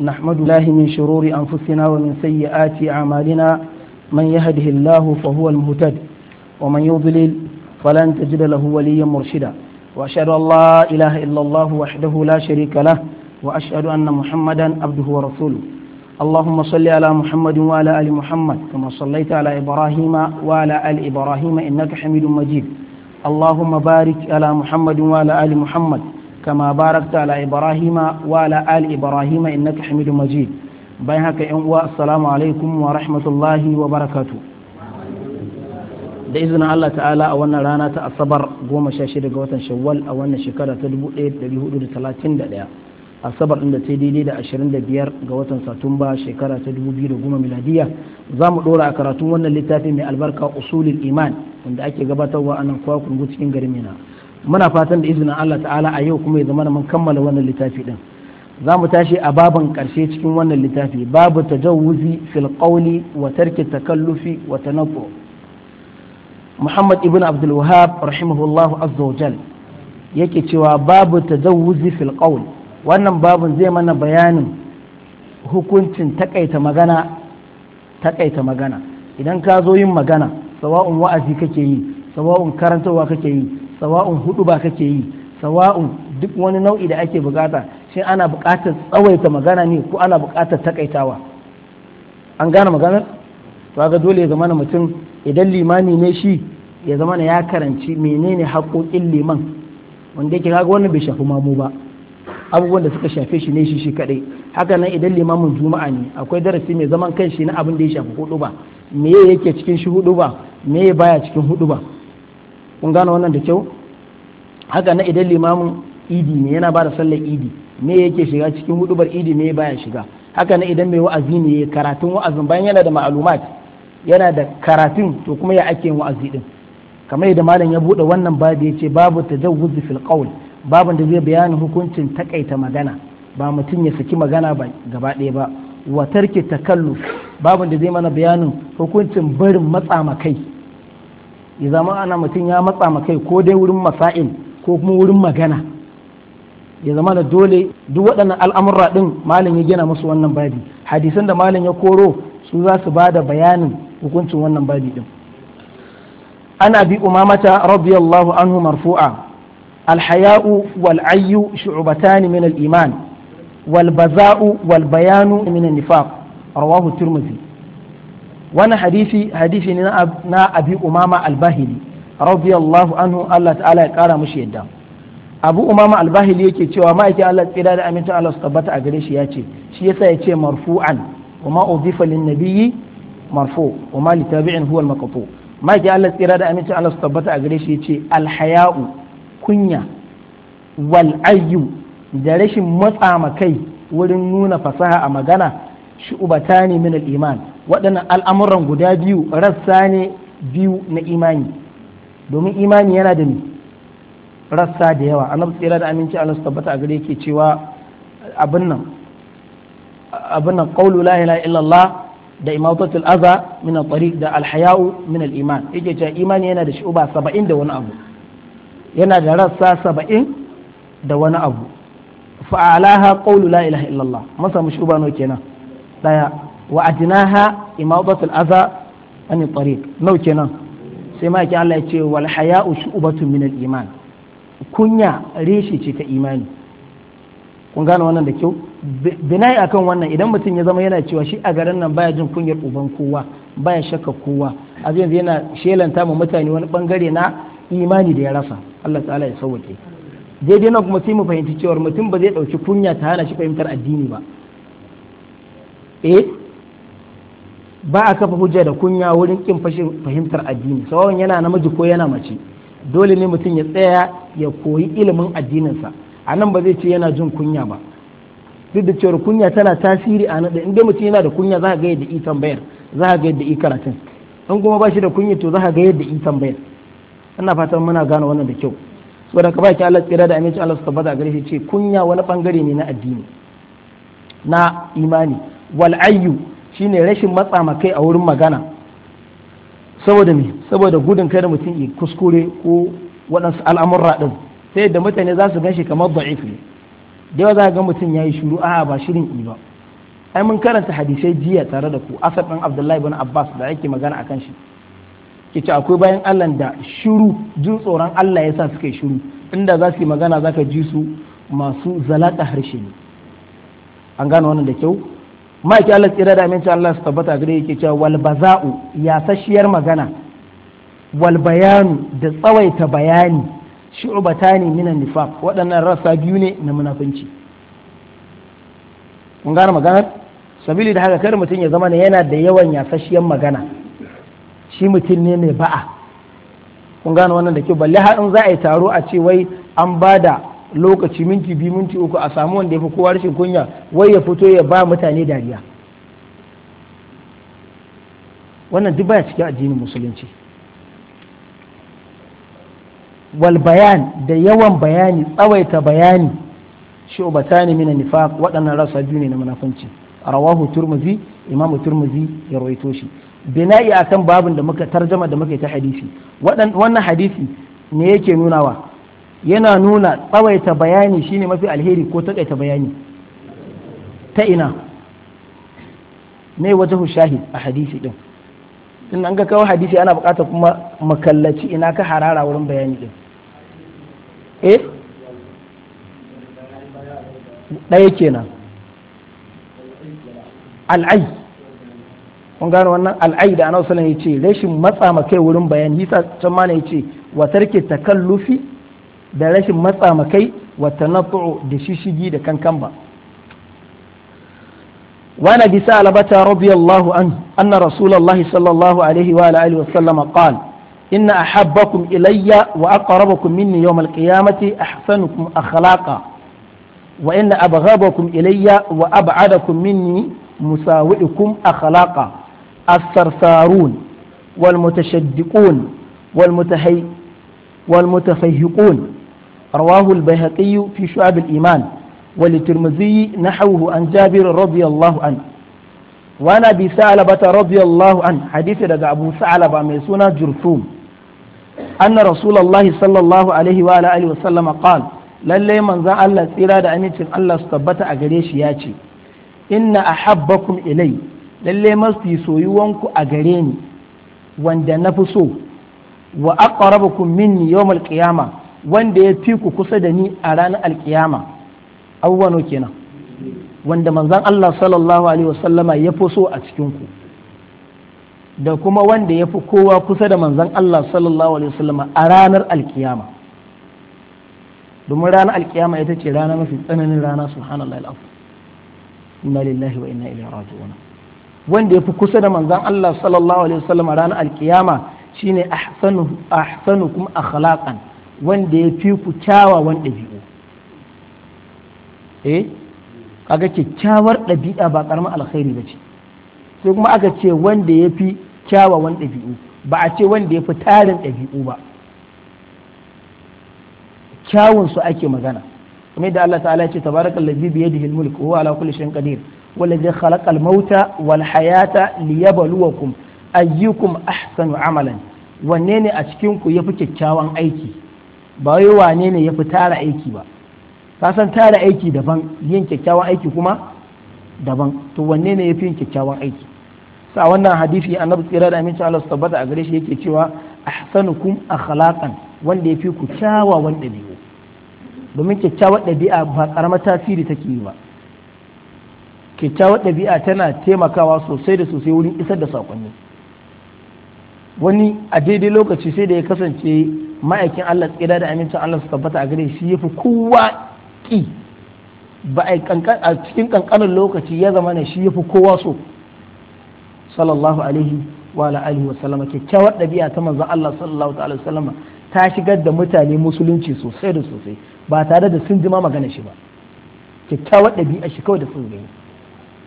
نحمد الله من شرور أنفسنا ومن سيئات أعمالنا من يهده الله فهو المهتد ومن يضلل فلن تجد له وليا مرشدا وأشهد أن لا إله إلا الله وحده لا شريك له وأشهد أن محمدا عبده ورسوله اللهم صل على محمد وعلى آل محمد كما صليت على إبراهيم وعلى آل إبراهيم إنك حميد مجيد اللهم بارك على محمد وعلى آل محمد كما باركت على إبراهيم وعلى آل إبراهيم إنك حميد مجيد بينك إن السلام عليكم ورحمة الله وبركاته da izinin Allah ta'ala a wannan rana ta asabar goma sha shida ga watan shawwal a wannan shekara ta 1431 asabar inda ta daidai da 25 ga watan satumba shekara ta 2010 miladiya za mu dora a karatun wannan littafi mai albarka usulul iman wanda ake gabatarwa a nan kwakwungu cikin garin mina muna fatan da izinin Allah ta'ala a yau kuma ya zama mun kammala wannan littafi din za mu tashi a baban karshe cikin wannan littafi babu tajawuzi fil qawli wa tarki takallufi wa tanaqu Muhammad ibn Abdul Wahhab rahimahullahu azza wa jal yake cewa babu tajawuzi fil qawl wannan babun zai mana bayanin hukuncin takaita magana takaita magana idan ka zo yin magana sawa'un wa'azi kake yi sawa'un karantarwa kake yi sawa'un hudu ba kake yi sawa'un duk wani nau'i da ake bukata shin ana bukatar tsawaita magana ne ko ana bukatar takaitawa an gane maganar to ga dole ya zama mutum idan limami ne shi ya zama ya karanci menene haƙoƙin liman wanda yake kaga wannan bai shafi mamu ba abubuwan da suka shafe shi ne shi shi kadai haka nan idan limamin juma'a ne akwai darasi mai zaman kanshi na abin da ya shafi hudu ba me yake cikin shi hudu ba me baya cikin hudu ba kun gane wannan da kyau haka na idan limamin idi ne yana ba da sallar idi me yake shiga cikin hudubar idi me baya shiga haka na idan mai wa'azi ne karatun wa'azin bayan yana da ma'alumat yana da karatun to kuma ya ake wa'azi din kamar yadda malam ya bude wannan babu ce, babu tajawuz fil qawl Babu da zai bayani hukuncin takaita magana ba mutum ya saki magana ba gaba ɗaya ba wa tarki takalluf babu da zai mana bayanin hukuncin barin matsamakai ya zama ana mutum ya matsa ma kai ko dai wurin masa'il ko kuma wurin magana ya zama da dole duk waɗannan al'amurra ɗin malam ya gina musu wannan babi hadisan da malam ya koro su za su ba da bayanin hukuncin wannan babi ɗin ana bi umamata radiyallahu anhu marfu'a alhaya'u wal ayyu shu'batan min al iman wal baza'u wal bayanu min an nifaq rawahu tirmidhi wani hadisi hadisi ne na abi umama albahili rabbi radiyallahu anhu Allah ta'ala ya kara mushi yadda abu umama albahili yake cewa ma'aikin Allah tsira da aminta Allah su tabbata a gare shi ya ce shi yasa ya ce marfu'an kuma ma udifa lin nabiyyi marfu wa ma litabi'in huwa al-maqtu ma'aikin Allah tsira da aminta Allah su tabbata a gare shi ya ce alhaya'u kunya wal ayyu da rashin matsa makai wurin nuna fasaha a magana shi ubatani min al-iman waɗannan al'amuran guda biyu rassa ne biyu na imani domin imani yana da rassa da yawa annabi tsira da aminci Allah su tabbata a gare yake cewa abin nan abin nan qawlu la ilaha illallah da imatatul aza min at-tariq da al-haya'u min al-iman yake cewa imani yana da shuba 70 da wani abu yana da rassa 70 da wani abu fa'alaha qawlu la ilaha illallah masa samu shuba nawa kenan daya wa adnaha imadatul adha an tariq nau kenan sai ma Allah ya ce wal haya'u shu'batun min al iman kunya reshe ce ta imani kun gane wannan da kyau binai akan wannan idan mutum ya zama yana cewa shi a garin nan baya jin kunyar uban kowa baya shakka kowa a yanzu yana shelanta ma mutane wani bangare na imani da ya rasa Allah ta'ala ya sauke. daidai na kuma sai mu fahimci cewa mutum ba zai dauki kunya ta hana shi fahimtar addini ba eh ba a kafa hujja da kunya wurin kin fahimtar addini sawan yana namiji ko yana mace dole ne mutum ya tsaya ya koyi ilimin addininsa a nan ba zai ce yana jin kunya ba duk da cewar kunya tana tasiri a nan inda mutum yana da kunya za ka ga yadda i tambayar za ka ga yadda i karatun in kuma ba shi da kunya to za ka ga yadda i tambayar ina fatan muna gano wannan da kyau saboda ka baki Allah tsira da aminci Allah subhanahu tabbata gare shi ce kunya wani bangare ne na addini na imani wal ayyu shine rashin matsa makai a wurin magana saboda me saboda gudun kada mutum ya kuskure ko waɗansu al'amurra ɗin sai yadda mutane za su ganshi kamar da'if ne da yawa za ga mutum ya yi shuru a ba shirin i ba ai mun karanta hadisai jiya tare da ku asar ɗan abdullahi bin abbas da ake magana a kan shi ke ce akwai bayan allah da shiru jin tsoron allah ya sa suka yi shiru inda za su yi magana za ka ji su masu zalaka harshe ne an gane wannan da kyau Ma ki Allah tsira da aminci Allah su tabbata gare yake cewa wal baza'u yasasshiyar magana wal bayanu da tsawaita bayani shu'batani minan nifaq waɗannan rasa biyu ne na munafunci kun gane maganar sabili da haka kar mutum ya zama ne yana da yawan yasasshiyar magana shi mutum ne mai ba'a kun gane wannan da kyau balle har in za a yi taro a ce wai an bada. da lokaci minti biyu minti uku a samu wanda ya fi kowa rashin kunya wai ya fito ya ba mutane dariya wannan duk baya cikin addinin musulunci wal bayan da yawan bayani tsawaita bayani shubatani mina nifaq waɗannan rasa biyu ne na munafunci rawahu turmuzi imamu turmuzi ya rawaito shi bina'i akan babin da muka tarjama da muka yi ta hadisi wannan hadisi ne yake nunawa yana nuna tsawaita bayani shine mafi alheri ko taƙaita bayani ta ina ne wajahu shahid a hadisi din tun an ga kawo hadisi ana bukata kuma makallaci ina ka harara wurin bayani din eh ɗaya kenan al'ai kun gano wannan al'ai da ana sallallahu alaihi yace rashin matsa ma kai wurin bayani yasa can ma ne yace wa tarki takallufi da rashin matsa makai wa tanattu da shishigi da kankan ba وعن ابي ثعلبة رضي الله عنه ان رسول الله صلى الله عليه واله وسلم قال: ان احبكم الي واقربكم مني يوم القيامة احسنكم اخلاقا وان ابغضكم الي وابعدكم مني مساوئكم اخلاقا الثرثارون والمتشدقون والمتهي والمتفيهقون رواه البيهقي في شعب الإيمان وللترمذي نحوه عن جابر رضي الله عنه وعن أبي ثعلبة رضي الله عنه حديث لدى أبو ثعلبة ميسونا جرثوم أن رسول الله صلى الله عليه وعلى آله وسلم قال lallai manzan Allah tsira da amincin Allah su tabbata a gare shi ya ce inna ahabbakum ilai lallai mafi soyuwanku a gare ni wanda na fi so wa aqrabukum minni yawmal qiyama wanda ya fi ku kusa da ni a ranar alkiyama awwano kenan wanda manzan Allah sallallahu alaihi wasallama ya fi so a cikinku. da kuma wanda ya fi kowa kusa da manzan Allah sallallahu alaihi wasallama a ranar alkiyama domin ranar alkiyama ita ce rana mafi tsananin rana subhanallahi al'afu inna lillahi wa inna ilaihi raji'un wanda ya fi kusa da manzan Allah sallallahu alaihi wasallama ranar alkiyama shine ahsanu ahsanukum akhlaqan wanda ya fi ku kyawawan ɗabi'u eh kaga kyakkyawar ɗabi'a ba ƙaramin alkhairi ba ce sai kuma aka ce wanda ya fi kyawawan ɗabi'u ba a ce wanda ya fi tarin ɗabi'u ba kyawunsu ake magana kamar da Allah ta'ala ya ce tabarakal ladzi bi yadihi al-mulk huwa ala kulli shay'in qadir والذي خلق الموت والحياة ليبلوكم ayyukum ahsanu amalan wanne ne a cikin ku yafi kyakkyawan aiki ba wai wane ne ya fi tara aiki ba ka san tara aiki daban yin kyakkyawan aiki kuma daban to wanne ne ya fi yin kyakkyawan aiki sa wannan hadisi annabi tsira da amincin Allah su tabbata a gare shi yake cewa ahsanukum akhlaqan wanda ya fi ku kyawawan ɗabi'u domin kyakkyawar ɗabi'a ba karamar tasiri take yi ba kyakkyawar ɗabi'a tana taimakawa sosai da sosai wurin isar da saƙonni wani a daidai lokaci sai da ya kasance ma'aikin Allah tsira da amincin Allah su tabbata a gare shi ya fi kowa ƙi ba a cikin ƙanƙanin lokaci ya zama ne shi ya fi kowa so sallallahu alaihi wa alihi wa sallama kyakkyawar ɗabi'a ta manzon Allah sallallahu alaihi wa sallama ta shigar da mutane musulunci sosai da sosai ba tare da sun jima magana shi ba kyakkyawar ɗabi'a shi kawai da sun gani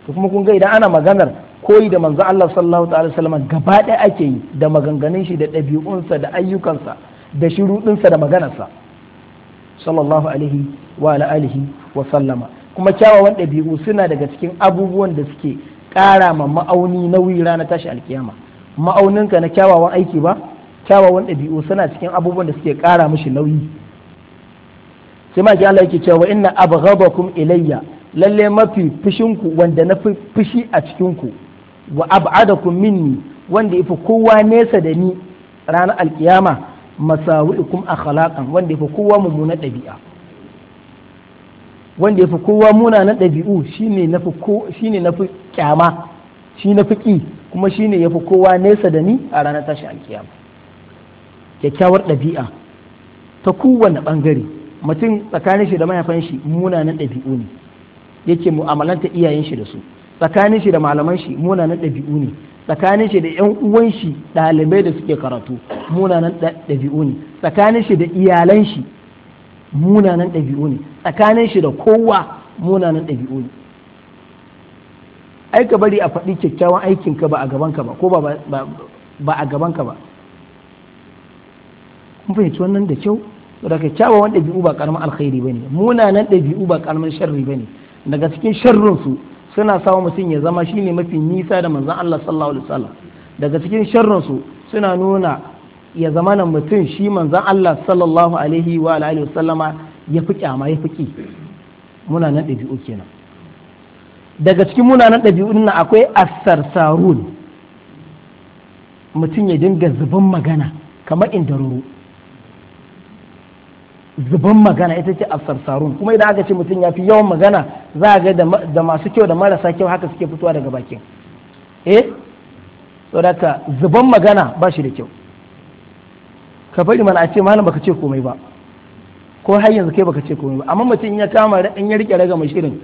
to kuma kun ga idan ana maganar koyi da manzo Allah sallallahu ta'ala sallama gaba ɗaya ake yi da maganganun shi da ɗabi'unsa da ayyukansa da shiruɗinsa da maganarsa sallallahu alaihi wa alihi wa sallama kuma kyawawan ɗabi'u suna daga cikin abubuwan da suke ƙara ma ma'auni nauyi ranar tashi alkiyama ma'auninka na kyawawan aiki ba kyawawan ɗabi'u suna cikin abubuwan da suke ƙara mishi nauyi sai ma Allah yake cewa inna abghadakum ilayya lalle mafi fushinku wanda na fushi a cikinku wa ab'adakum minni wanda yafi kowa nesa da ni ranar alkiyama masawi'ikum akhlaqan wanda yafi kowa mummunan ɗabi'a wanda yafi kowa munanan ɗabi'u shine nafi ko shine nafi kyama shi nafi ki kuma shine yafi kowa nesa da ni a ranar tashi alkiyama kyakkyawar ɗabi'a ta kowane bangare mutum tsakanin shi da mahaifan shi munanan ɗabi'u ne yake mu'amalanta iyayen shi da su tsakanin shi da malaman shi munanan ɗabi'u ne tsakanin shi da yan uwan shi ɗalibai da suke karatu munanan ɗabi'u ne tsakanin shi da iyalan shi munanan ɗabi'u ne tsakanin shi da kowa munanan ɗabi'u ne ai ka bari a faɗi kyakkyawan aikin ka ba a gaban ka ba ko ba ba a gaban ka ba kun fahimci wannan da kyau da kyakkyawan ɗabi'u ba karamin alkhairi bane munanan ɗabi'u ba karamin sharri bane daga cikin sharrin su suna sawa mutum ya zama shine mafi nisa da manzan Allah sallallahu alaihi wasallam daga cikin sharrinsu suna nuna ya zama nan mutum shi manzan Allah sallallahu alaihi wa alihi wasallama ya fi kyama ya fi ƙi. muna nan ɗabi'u kenan daga cikin muna nan ɗabi'u nan akwai asarsarun mutum ya dinga zubin magana kamar indaruru zuban magana ita ce asarsarun kuma idan aka ce mutum ya fi yawan magana za a ga da masu kyau da marasa kyau haka suke fitowa daga bakin eh saboda zuban magana ba shi da kyau ka bari mana a ce malam baka ce komai ba ko har yanzu kai baka ce komai ba amma mutum ya kama in ya rike raga shirin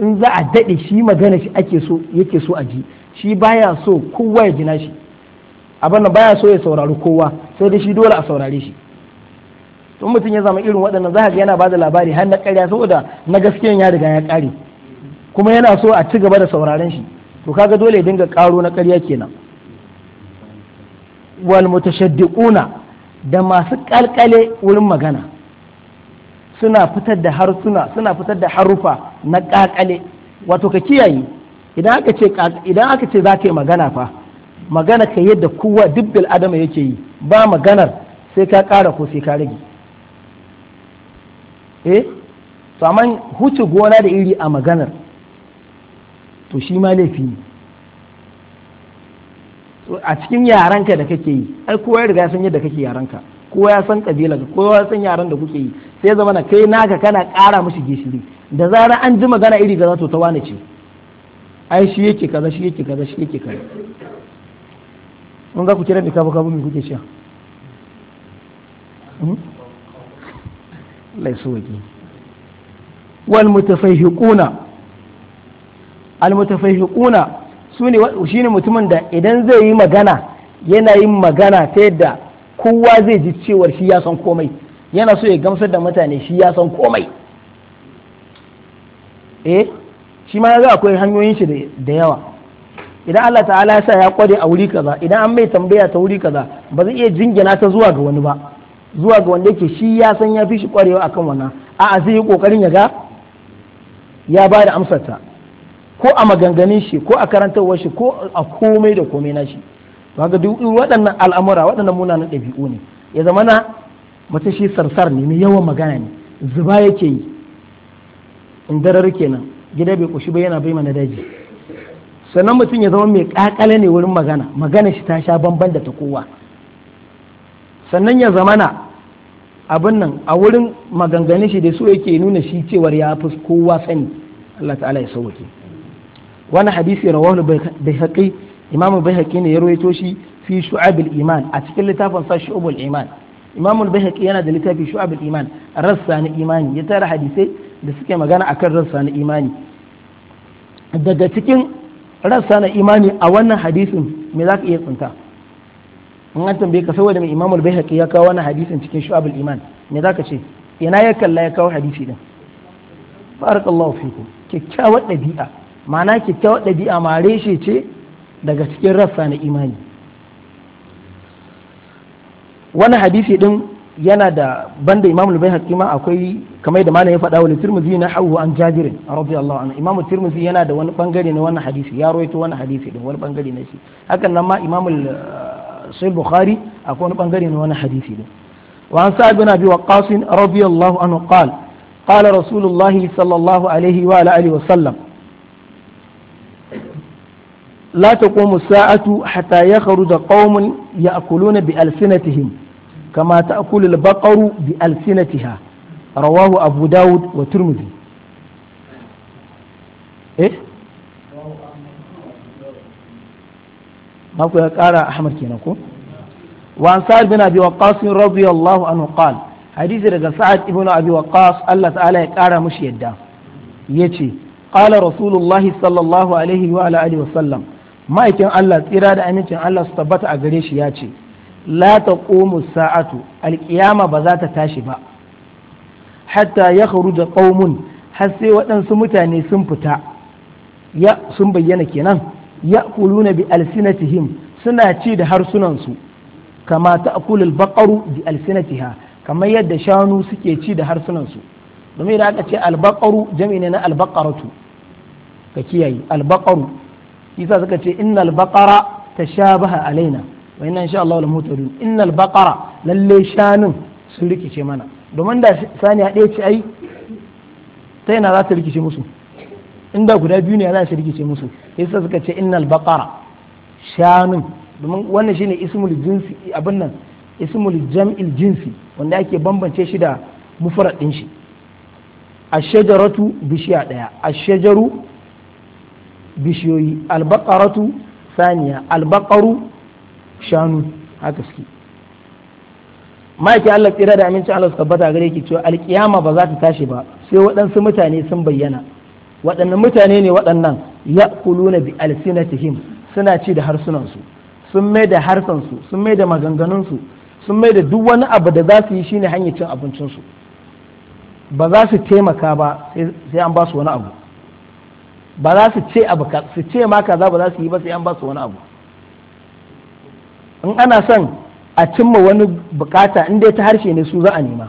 in za a daɗe shi magana shi ake so yake so a ji shi baya so kowa ya jina shi abin baya so ya saurari kowa sai dai shi dole a saurare shi in mutum ya zama irin waɗannan za ga yana bada labari har na ƙarya saboda na gaskiyan ya riga ya ƙare kuma yana so a ci gaba da sauraren shi to kaga dole ya dinga ƙaro na ƙarya kenan wal mutashaddiquna da masu ƙalƙale wurin magana suna fitar da harsuna suna fitar da harufa na ƙaƙale wato ka kiyaye idan aka ce idan aka ce za ka yi magana fa magana ka yadda kowa duk bil'adama adama yake yi ba maganar sai ka ƙara ko sai ka rage eh to amma huce gona da iri a maganar to shi ma laifi ne a cikin yaranka da kake yi ai kowa ya riga san yadda kake yaranka kowa ya san kabila ka kowa ya san yaran da kuke yi sai zama na kai naka kana ƙara mishi gishiri da zarar an ji magana iri kaza to ta wane ce ai shi yake kaza shi yake kaza shi yake kaza mun ga ku kira mai kabu kabu mai kuke sha hmm? lai wal mutafaihiquna al mutafaihiquna sune shine mutumin da idan zai yi magana yana yin magana ta yadda kowa zai ji cewar shi ya san komai yana so ya gamsar da mutane shi ya san komai eh shi ma akwai hanyoyin shi da yawa idan Allah ta'ala ya sa ya kware a wuri kaza idan an mai tambaya ta wuri kaza ba zai iya jingina ta zuwa ga wani ba zuwa ga wanda yake shi ya san ya fi shi kwarewa akan wannan a'a zai yi kokarin ya ga ya ba da amsarta ko a maganganun shi ko a karantarwar shi ko a komai da komai na shi to haka duk waɗannan al'amura waɗannan munanan ɗabi'u ne ya zama na mace shi sarsar ne mai yawan magana ne zuba yake yi in darar kenan gida bai kushi ba yana bai mana daji sannan mutum ya zama mai kakale ne wurin magana magana shi ta sha bamban da ta kowa sannan ya zamana abin nan a wurin maganganun shi da so yake nuna shi cewar ya fi kowa sani Allah ta'ala ya sauke wani hadisi rawahu bai imamu bai ne ya rawaito shi fi shu'abil iman a cikin littafin sa shu'abul iman Imam bai yana da littafin shu'abul iman rassa na imani ya tara hadisai da suke magana akan rassa na imani daga cikin rassa na imani a wannan hadisin me zaka iya tsinta in an tambaye ka saboda mai imamul baihaqi ya kawo wannan hadisin cikin shu'abul iman me zaka ce ina ya kalla ya kawo hadisi din barakallahu fikum kyakkyawar ɗabi'a, ma'ana kyakkyawar ɗabi'a ma reshe ce daga cikin rassa na imani wannan hadisi din yana da banda imamul haƙi ma akwai kamar da malam ya faɗa wa tirmidhi na hawu an jabir radiyallahu anhu imamul tirmidhi yana da wani bangare na wannan hadisi ya rawaito wani hadisi din wani bangare na shi hakan nan ma imamul sai bukhari a wani bangare na wani hadisi din wa an sa bin abi waqas radiyallahu anhu qala qala rasulullahi sallallahu alaihi wa alihi wa sallam لا تقوم الساعة حتى يخرج قوم يأكلون بألسنتهم كما تأكل البقر بألسنتها رواه أبو داود وترمذي إيه naku ya kara ahmad kenan ko wa an sa'ad bin abi waqqas radiyallahu anhu qala hadisi daga sa'ad ibn abi waqqas Allah ya kara mushi yadda yace qala rasulullahi sallallahu alaihi wa ala wa sallam ma'aikin Allah tsira da amincin Allah su tabbata a gare shi ya yace la taqumu sa'atu alqiyama ba za ta tashi ba hatta yakhruja ƙaumun. har sai waɗansu mutane sun fita ya sun bayyana kenan ya'kuluna bi alsinatihim suna ci da harsunansu kama baƙaru baqaru bi alsinatiha kamar yadda shanu suke ci da harsunansu domin da aka ce albaqaru jami ne na albaqaratu ka kiyaye albaqaru yasa suka ce innal baqara tashabaha alaina wa inna insha Allah lamuhtadun innal baqara lalle shanun sun rikice mana domin da saniya ɗaya ce ai ta yana za ta rikice musu In inda guda biyu ne ana rikice musu yasa suka ce innal baqara shanun domin wannan shine ismul jinsi abin nan ismul jam'il jinsi wanda ake bambance shi da mufrad din shi ashjaratu shajaratu bishiya daya ashjaru shajaru bishiyoyi al saniya al shanu haka suke ma'aiki Allah tsira da amincin Allah su tabbata gare ki cewa alkiyama ba za ta tashi ba sai waɗansu mutane sun bayyana waɗannan mutane ne waɗannan ya kuluna bi alsinatihim suna ci da harsunansu sun mai da harsansu sun mai da maganganunsu sun mai da duk wani abu da za su yi shine hanyar cin abincinsu ba za su taimaka ba sai an ba su wani abu ba za su ce abu su ce ma kaza ba za su yi ba sai an ba su wani abu in ana son a cimma wani bukata in dai ta harshe ne su za a nema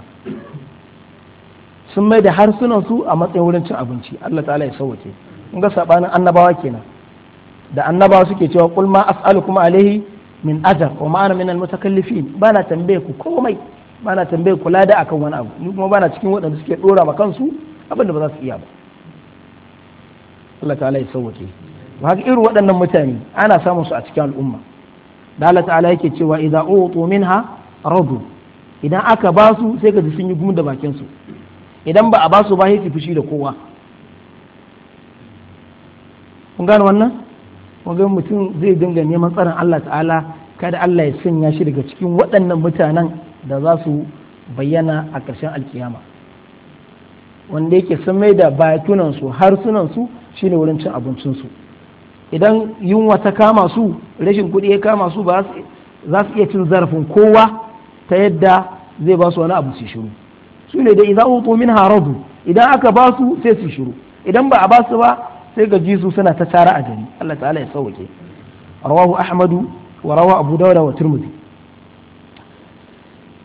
sun mai da harsunan su a matsayin wurin cin abinci Allah ta'ala ya sauwace in ga sabanin annabawa kenan da annabawa suke cewa qul ma as'alukum alaihi min ajar wa ma ana min almutakallifin bana tambaye ku komai bana tambaye ku lada akan wani abu ni kuma bana cikin waɗanda suke dora ma kansu abin da ba za su iya ba Allah ta'ala ya sauwace ba haka irin waɗannan mutane ana samun su a cikin al'umma da Allah ta'ala yake cewa idza utu minha radu idan aka ba su sai ka ji sun yi gumi da bakin su idan ba a ba su ba sai fushi da kowa kun gane wannan kun mutum zai dinga neman tsarin Allah ta'ala kada Allah ya sanya shi daga cikin waɗannan mutanen da za su bayyana a ƙarshen alkiyama wanda yake san mai da batunansu harsunansu shine wurin cin abincinsu idan yunwa ta kama su rashin kuɗi ya kama su ba za su iya cin zarafin kowa ta yadda zai ba su wani abu su shiru su ne da iza utu min radu idan aka ba su sai su shiru idan ba a ba su ba sai ga jisu suna ta tara a gari Allah ta'ala ya sauke rawahu ahmadu wa rawahu abu dawud wa tirmidhi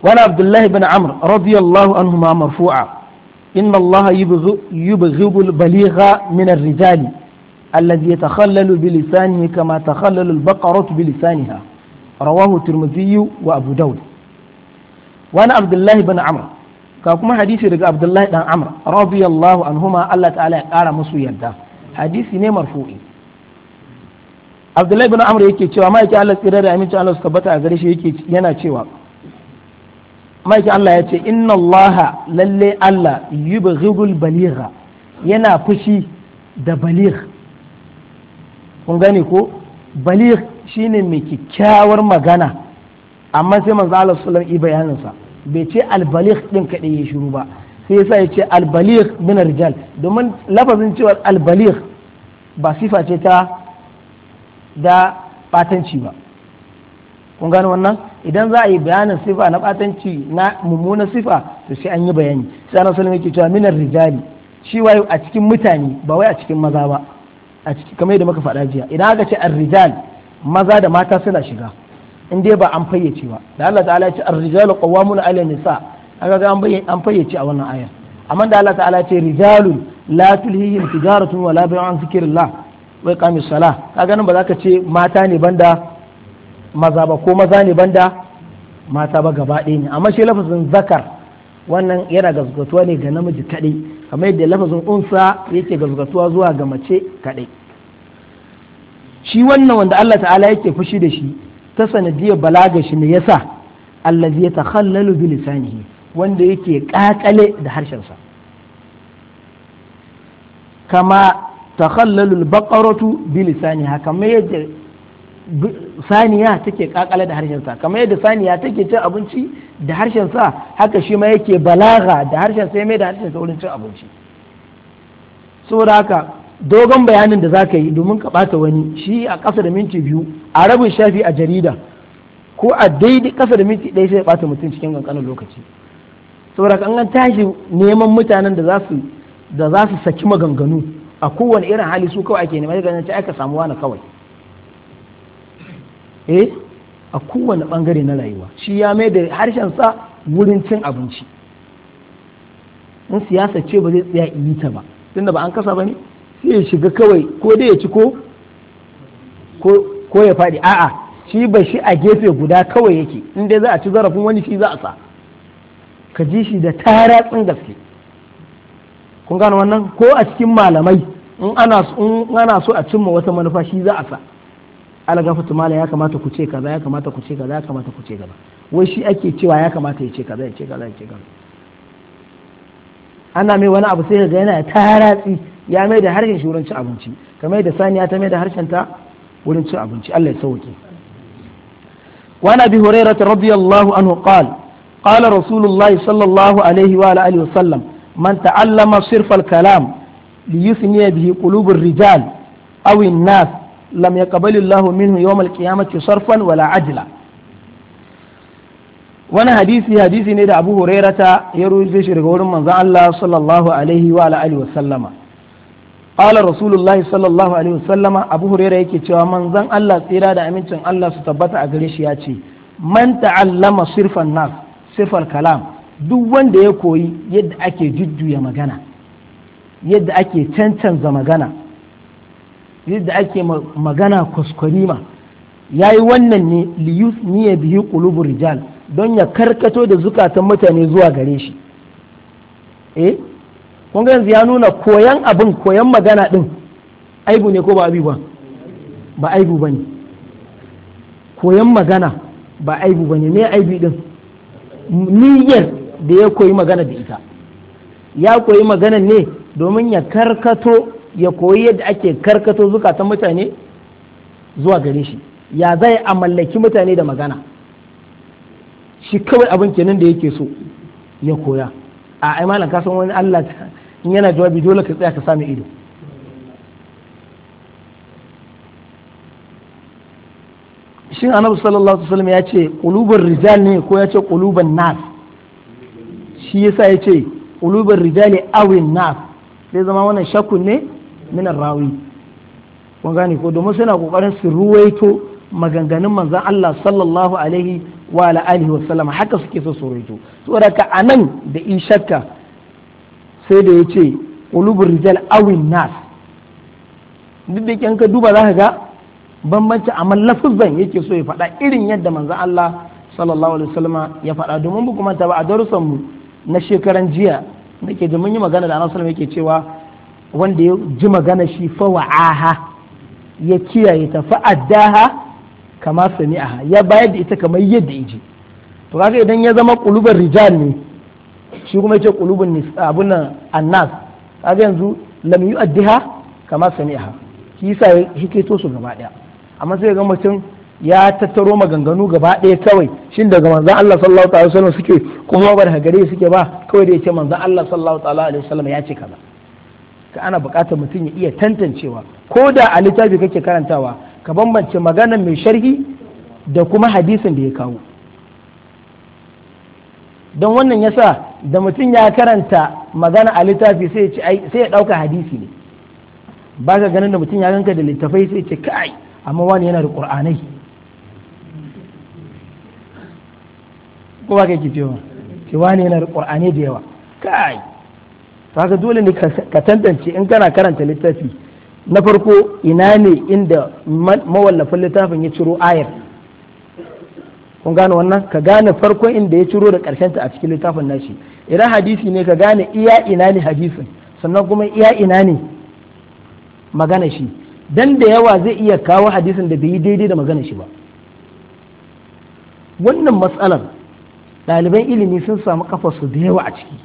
wala abdullah ibn amr radiyallahu anhuma marfu'a إن الله يبغض البليغ من الرجال الذي يتخلل بلسانه كما تخلل البقرة بلسانها رواه الترمذي وأبو داود وأنا عبد الله بن عمرو Kakuma kuma hadisi daga abdullahi dan amr radiyallahu anhuma Allah ta'ala ya kara musu yadda. hadisi ne marfu'i abdullahi bin amr yake cewa ma'aikin Allah tsira da amincin Allah su tabbata a gare shi yake yana cewa ma'aikin Allah ya ce inna Allah lalle Allah yubghidul baligha yana fushi da baligh kun gane ko baligh shine mai kyakkyawar magana amma sai manzo Allah sallallahu alaihi wasallam bayanin sa bai ce albalik din kaɗai ya shiru ba sai yasa ya ce albalik min rijal domin lafazin cewa albalik ba sifa ce ta da batanci ba kun gano wannan idan za a yi bayanin sifa na batanci na mummuna sifa to sai an yi bayani sai ana sanin yake cewa minar rijali shi wayo a cikin mutane ba wai a cikin maza ba a cikin kamar yadda muka faɗa jiya idan aka ce ar-rijal maza da mata suna shiga in dai ba an fayyace ba da Allah ta'ala ya ce ar-rijalu qawwamuna 'ala nisa aka ga an fayyace a wannan aya amma da Allah ta'ala ya ce rijalu la tulhihim tijaratun wa bai'un an zikrillah wa iqamis salah kaga nan ba za ka ce mata ne banda maza ba ko maza ne banda mata ba gaba ɗaya ne amma shi lafazin zakar wannan yana gazgatuwa ne ga namiji kaɗai kamar yadda lafazin unsa yake gazgatuwa zuwa ga mace kaɗai shi wannan wanda Allah ta'ala yake fushi da shi ta sanadiyar balaga shi ne yasa allazi ya takhallalu bi lisanihi wanda yake kakale da harshensa kama takhallalu al-baqaratu bi lisaniha kama yadda saniya take kakale da harshensa kamar yadda saniya take cin abinci da harshensa haka shi ma yake balaga da harshensa ya mai da harshensa wurin cin abinci saboda haka dogon bayanin da za ka yi domin ka bata wani shi a ƙasa da minti biyu a rabin shafi a jarida ko a daidai ƙasa da minti ɗaya sai ya ɓata mutum cikin ƙanƙanin lokaci saboda an tashi neman mutanen da za su da za su saki maganganu a kowane irin hali su kawai ake nema daga ce aka samu wani kawai eh a kowane bangare na rayuwa shi ya mai da harshen sa wurin cin abinci in siyasa ce ba zai tsaya iyita ba tunda ba an kasa ba ne sai ya shiga kawai ko dai ya ci ko ko ya faɗi a'a shi ba shi a gefe guda kawai yake in dai za a ci zarafin wani shi za a sa ka ji shi da taratsin gaske kun gano wannan ko a cikin malamai in ana so a cimma wata manufa shi za a sa algafatu mala ya kamata ku ce kaza ya kamata ku ce kaza ya kamata ku ce kaza wai shi ake cewa ya kamata ya ce kaza ya ce kaza ya ce kaza ana mai wani abu sai ga yana taratsi ya mai da harshen shi wurin cin abinci kamar da saniya ta mai da harshen ta wurin cin abinci Allah ya sauke وعن ابي هريره رضي الله عنه قال قال رسول الله صلى الله عليه وعلى اله وسلم من تعلم صرف الكلام ليثني به قلوب الرجال او الناس لم يقبل الله منه يوم القيامه صرفا ولا عدلا wani hadisi hadisi ne da abu hurairata ya rushe shi daga wurin manzon Allah sallallahu alaihi wa alihi sallama qala rasulullahi sallallahu alaihi wa sallama, abu huraira yake cewa manzon Allah tsira da amincin Allah su tabbata a gare shi ya ce man ta'allama sirfan nas sirfal kalam duk wanda ya koyi yadda ake jujjuya magana yadda ake cancanza magana yadda ake magana kwaskwarima yayi wannan ne liyus niyya bihi qulubur rijal don ya karkato da zukatan mutane zuwa gare shi eh kun yanzu ya nuna koyan abin koyan magana din aibu ne ko ba aibu ba ba aibu ba ne koyan magana ba aibu ba ne aibu din niyyar da ya koyi magana da ita ya koyi magana ne domin ya karkato ya koyi yadda ake karkato zukatan mutane zuwa gare shi ya zai a mallaki mutane da magana shi kawai abin kenan da yake so ya koya a ai malam ka san wani Allah in yana jawabi dole ka tsaya ka sami ido shin annabi sallallahu alaihi wasallam ya ce qulubur rijal ne ko ya ce qulubun nas shi yasa ya ce qulubur rijali awin nas sai zama wannan shakkun ne min rawi kun gane ko domin suna kokarin su ruwaito maganganun manzon Allah sallallahu alaihi wa ala alihi wa sallama haka suke so surutu saboda ka anan da in shakka sai da yace qulubur rijal awin nas duk da kyan ka duba zaka ga bambanci amma lafazan yake so ya faɗa irin yadda manzo Allah sallallahu alaihi wasallama ya faɗa domin bu kuma a darussan mu na shekaran jiya nake da mun yi magana da Annabi sallallahu yake cewa wanda ya ji magana shi fa wa'aha ya kiyaye ta fa addaha kama sami'aha ya bayar da ita kamar yadda yaji to kaga idan ya zama kulubar rijal ne shi kuma yace kulubun nis abuna annas kaga yanzu lam yu'addiha kama sami'aha shi yasa to su gaba daya amma sai ga mutum ya tattaro maganganu gaba daya kawai shin daga manzon Allah sallallahu alaihi wasallam suke kuma bar hagare suke ba kawai da yace manzon Allah sallallahu alaihi wasallam ya ce kaza ka ana buƙatar mutum ya iya tantancewa ko da a littafi kake karantawa ka bambance maganar mai sharhi da kuma hadisin da ya kawo don wannan yasa da mutum ya karanta magana a littafi sai ya ɗauka hadisi ne ba ka ganin da mutum ya ganka da littafai sai ce kai amma wani yana da ƙur'anai ko ba kai cewa ce wani yana da ƙur'anai da yawa kai to dole ne ka tantance in kana karanta littafi na farko ina ne inda mawallafin littafin ya ciro ayar kun gane wannan ka gane farkon inda ya ciro da karshen ta a cikin littafin nashi idan hadisi ne ka gane iya ina ne hadisin sannan kuma iya ina ne magana shi dan da yawa zai iya kawo hadisin da bai yi daidai da magana shi ba wannan matsalar ɗaliban ilimi sun samu kafarsu da yawa a ciki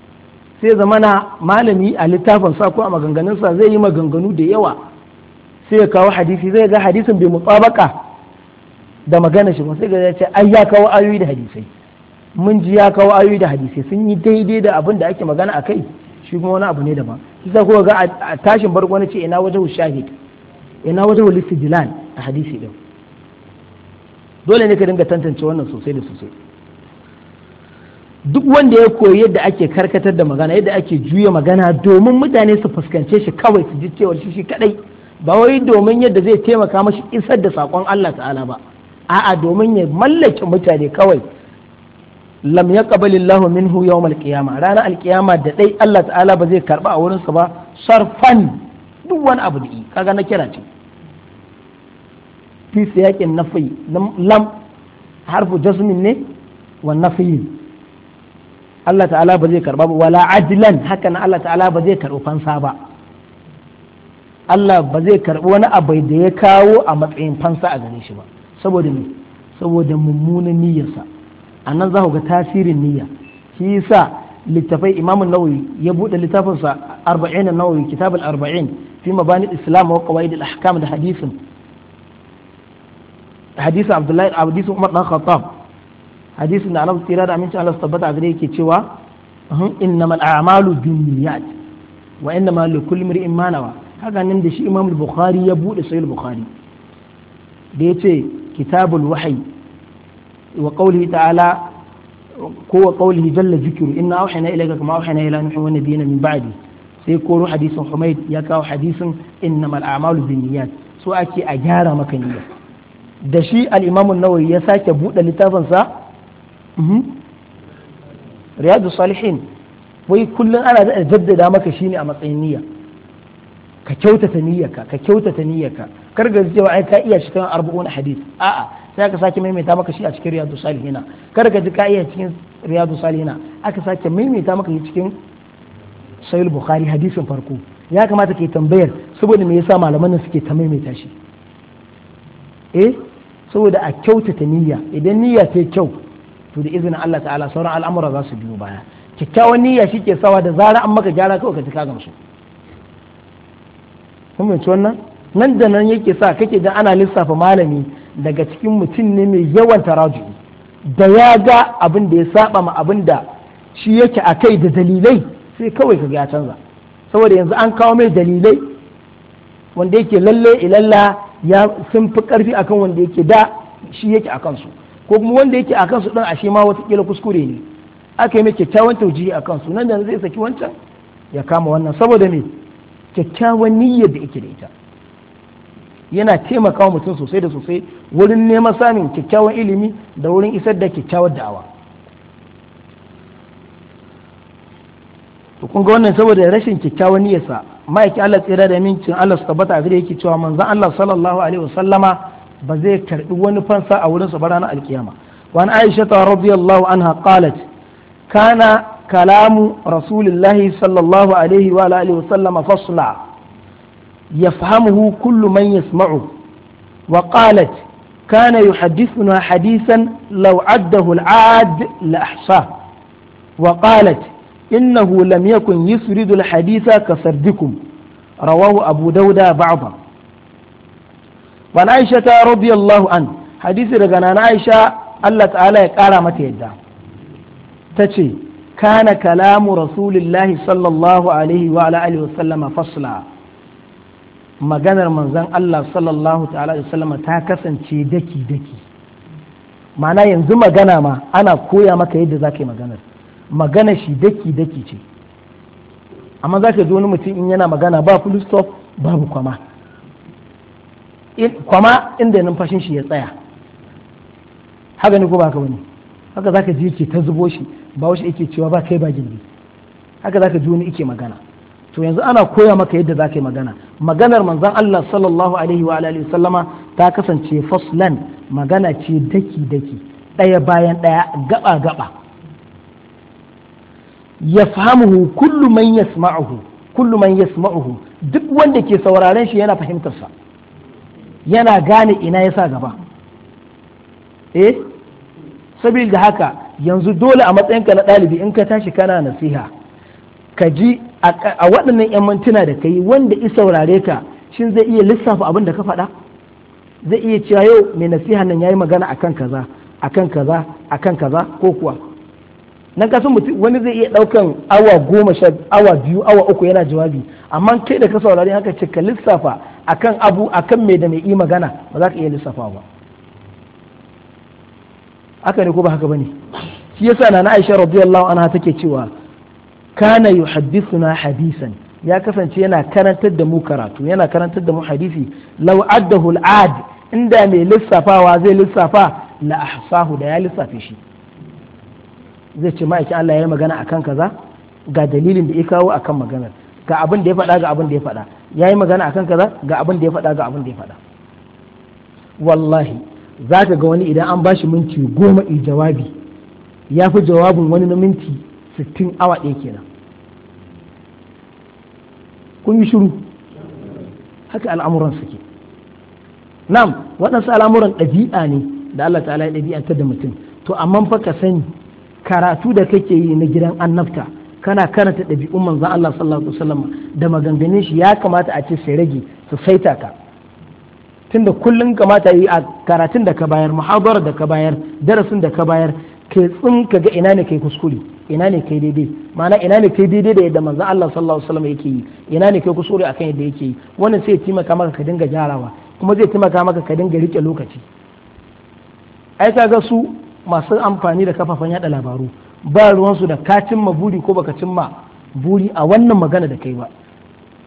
sai zamana malami a littafin sa ko a maganganunsa zai yi maganganu da yawa sai ya kawo hadisi zai ga hadisin bai mutsabaka da magana shi ba sai ga ya ce ai ya kawo ayoyi da hadisai mun ji ya kawo ayoyi da hadisai sun yi daidai da abin da ake magana akai shi kuma wani abu ne daban kisa ko ga a tashin barko ne ce ina wajen shahid ina wajen listidlan a hadisi din dole ne ka dinga tantance wannan sosai da sosai duk wanda ya koyi yadda ake karkatar da magana yadda ake juya magana domin mutane su fuskance shi kawai su ji cewa shi shi kadai ba wai domin yadda zai taimaka mashi isar da saƙon Allah ta'ala ba a'a domin ya mallake mutane kawai lam yaqbal Allahu minhu yawm al-qiyama ranar al-qiyama da dai Allah ta'ala ba zai karba a wurinsa ba sarfan duk wani abu da kaga na kira ce fi siyakin nafi lam harfu jasmin ne wa nafi Allah ta'ala ba zai karba ba wala adlan haka na Allah ta'ala ba zai karɓi fansa ba Allah ba zai karɓi wani abai da ya kawo a matsayin fansa a gare shi ba saboda me saboda mummunan niyyarsa a nan za ku ga tasirin niyya shi yasa littafai Imam Nawawi ya buɗe littafinsa arba'in Nawawi kitab arba'in fi mabani islam wa qawaid al-ahkam da hadisin hadisin Abdullahi hadisin Umar dan Khattab hadisin da Annabi tsira da amincin Allah tabbata a gare yake cewa innamal a'malu binniyat wa innamal likulli imrin ma nawa haka nan da shi imam bukhari ya bude sahih bukhari da yace kitabul wahyi wa qawlihi ta'ala ko wa qawlihi jalla zikru inna awhayna ilayka kama awhayna ila nuhin wa nabiyina min ba'di sai koro hadisin Humayd ya kawo hadisin innamal a'malu binniyat so ake a gyara maka niyya da shi al-imam an-nawawi ya sake bude littafin sa mhm, riyadu salihin wai kullun ana da jaddada maka shine a matsayin niyya ka kyautata niyyarka ka kyautata niyyarka kar ga cewa ai ka iya cikin arba'un hadith a'a sai aka sake maimaita maka shi a cikin riyadu salihina kar ka ka iya cikin riyadu salihina aka sake maimaita maka cikin sahih bukhari hadisin farko ya kamata ke tambayar saboda me yasa malaman nan suke ta maimaita shi eh saboda a kyautata niyya idan niyya ta kyau to da izinin Allah ta'ala sauran al'amura za su biyo baya kyakkyawan niyya shi ke sawa da zara an maka gyara kawai ka ji ka gamsu mun wannan nan da nan yake sa kake da ana lissafa malami daga cikin mutum ne mai yawan taraju da ya ga abin da ya saba ma abin da shi yake a kai da dalilai sai kawai ka ya canza saboda yanzu an kawo mai dalilai wanda yake lalle ilalla ya sun fi karfi akan wanda yake da shi yake a kansu ko kuma wanda yake a kansu din ashe ma watakila kuskure ne aka yi mai kyakkyawan taujihi a kansu nan da zai saki wancan ya kama wannan saboda me kyakkyawan niyyar da yake da ita yana taimakawa mutum sosai da sosai wurin neman samun kyakkyawan ilimi da wurin isar da kyakkyawar da'awa to kun ga wannan saboda rashin kyakkyawan niyyarsa ma'aiki Allah tsira da mincin Allah su tabbata a gare yake cewa manzon Allah sallallahu alaihi wasallama ba zai karbi wani fansa a wurin sa ba ranar alkiyama wa an Aisha radiyallahu anha qalat kana كلام رسول الله صلى الله عليه وآله وسلم فصلا يفهمه كل من يسمعه وقالت كان يحدثنا حديثا لو عده العاد لأحصاه وقالت إنه لم يكن يسرد الحديث كسردكم رواه أبو داود بعضا وعن عائشة رضي الله عنه حديث رجعنا عائشة الله تعالى قال متى يدا تشي kana kalamu rasulillahi sallallahu alaihi wa alihi wa sallama fasla maganar manzon Allah sallallahu ta'ala wa sallama ta kasance daki daki ma'ana yanzu magana ma ana koya maka yadda za ka yi maganar magana shi daki daki ce amma za ka ji wani mutum in yana magana ba full stop babu kwama kwama inda numfashin shi ya tsaya haka ne ko ba ka wani haka zaka ji yake ta zubo shi ba wasu yake cewa ba kai ba gindi haka zaka ji wani yake magana to yanzu ana koya maka yadda ka yi magana maganar manzon Allah sallallahu alaihi wa alihi sallama ta kasance faslan magana ce daki daki daya bayan daya gaba gaba yafhamuhu kullu man yasma'uhu kullu man yasma'uhu duk wanda ke sauraren shi yana fahimtar sa yana gane ina yasa gaba eh saboda haka yanzu dole a matsayinka na ɗalibi in ka tashi kana nasiha ka ji a waɗannan 'yan mintuna da ka yi wanda i saurare ka shin zai iya lissafa abin da ka faɗa zai iya cewa yau mai nasiha nan ya yi magana a kan kaza a kan kaza a kan kaza ko kuwa nan kasan mutum wani zai iya ɗaukan awa goma sha awa biyu awa uku yana jawabi amma kai da ka saurari haka ce ka lissafa akan abu akan mai da mai yi magana ba za ka iya lissafa ba haka ne ko ba haka bane shi yasa nana Aisha radiyallahu anha take cewa kana yuhaddithuna hadisan ya kasance yana karantar da mu karatu yana karantar da mu hadisi law addahu al-ad inda mai lissafawa zai lissafa la ahsahu da ya lissafe shi zai ce ma'aikin Allah ya yi magana akan kaza ga dalilin da ya kawo akan maganar ga abin da ya faɗa ga abin da ya faɗa ya yi magana akan kaza ga abin da ya faɗa ga abin da ya faɗa wallahi za ka ga wani idan an ba shi minti goma i jawabi ya fi jawabin wani na minti sittin awa ɗaya kenan kun yi shiru haka al'amuran suke nam waɗansu al'amuran ɗabi'a ne da Allah ta'ala ya ɗabi'a ta da mutum to amma fa ka sani karatu da kake yi na gidan annabta kana karanta ɗabi'un manzan Allah sallallahu alaihi wasallam da maganganun shi ya kamata a ce sai rage su saita ka tunda kullum kamata yi a karatun da ka bayar muhawarar da ka bayar darasin da ka bayar ke tsin ka ga ina ne kai kuskure ina ne kai daidai ma'ana ina ne kai daidai da yadda manzan Allah sallallahu alaihi wasallam yake yi ina ne kai kuskure akan yadda yake yi wannan sai ya taimaka maka ka dinga jarawa kuma zai taimaka maka ka dinga rike lokaci ai ga su masu amfani da kafafen yada labaru ba ruwan su da ka cimma buri ko baka cimma buri a wannan magana da kai ba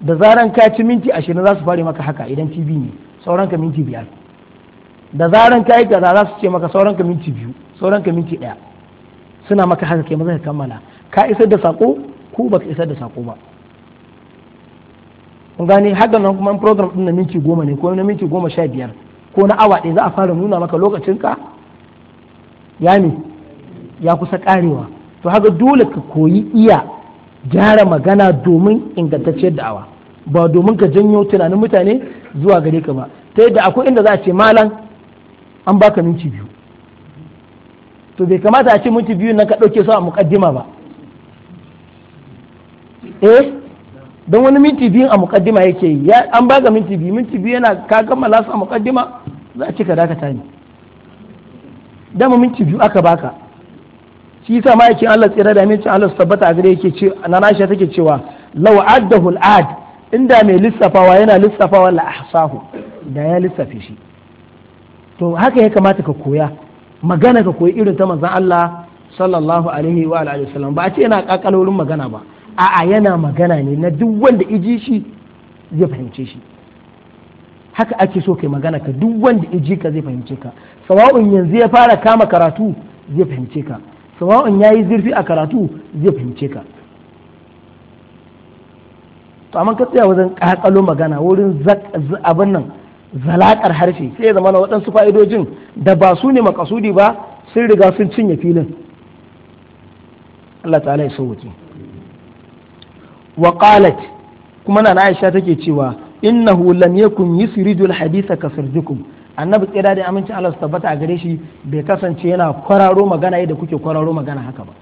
da zaran ka ci minti ashirin za su fare maka haka idan tv ne sauran minti biyar da zaran ka yi kaza za su ce maka sauran ka minti biyu sauran minti ɗaya suna maka haka ke maza ka kammala ka isar da sako ko ka isar da sako ba kun gane haka nan kuma program din na minti goma ne ko na minti goma sha biyar ko na awa ɗaya za a fara nuna maka lokacin ka ya ne ya kusa karewa to haka dole ka koyi iya gyara magana domin ingantacciyar da'awa ba domin ka janyo tunanin mutane zuwa gare ka ba ta yadda akwai inda za a ce malam an baka minti biyu to bai kamata a ce minti biyu nan ka ɗauke su a muƙaddima ba eh don wani minti biyu a muƙaddima yake yi an baka minti biyu minti biyu yana ka kammala su a muƙaddima za a ce ka dakata ne dama minti biyu aka baka shi yasa ma'aikin Allah tsira da amincin Allah su tabbata a gare yake ce na Aisha take cewa law addahu al-ad inda mai lissafawa yana lissafawa la ahsahu da ya lissafe shi to haka ya kamata ka koya magana ka koyi irin ta manzon Allah sallallahu alaihi wa alihi wasallam ba a ce yana kakalorin magana ba a'a yana magana ne na duk wanda iji shi zai fahimce shi haka ake so kai magana ka duk wanda iji ka zai fahimce ka sawa'un yanzu ya fara kama karatu zai fahimce ka sawa'un yayi zurfi a karatu zai fahimce ka to amma ka tsaya wajen kakalo magana wurin abin nan zalakar harshe sai ya zama na waɗansu fa'idojin da ba su ne makasudi ba sun riga sun cinye filin Allah ta'ala ya so wa qalat kuma na Aisha take cewa innahu lam yakun yusridul haditha ka sirdukum annabi tsira da aminci Allah su tabbata a gare shi bai kasance yana kwararo magana yadda kuke kwararo magana haka ba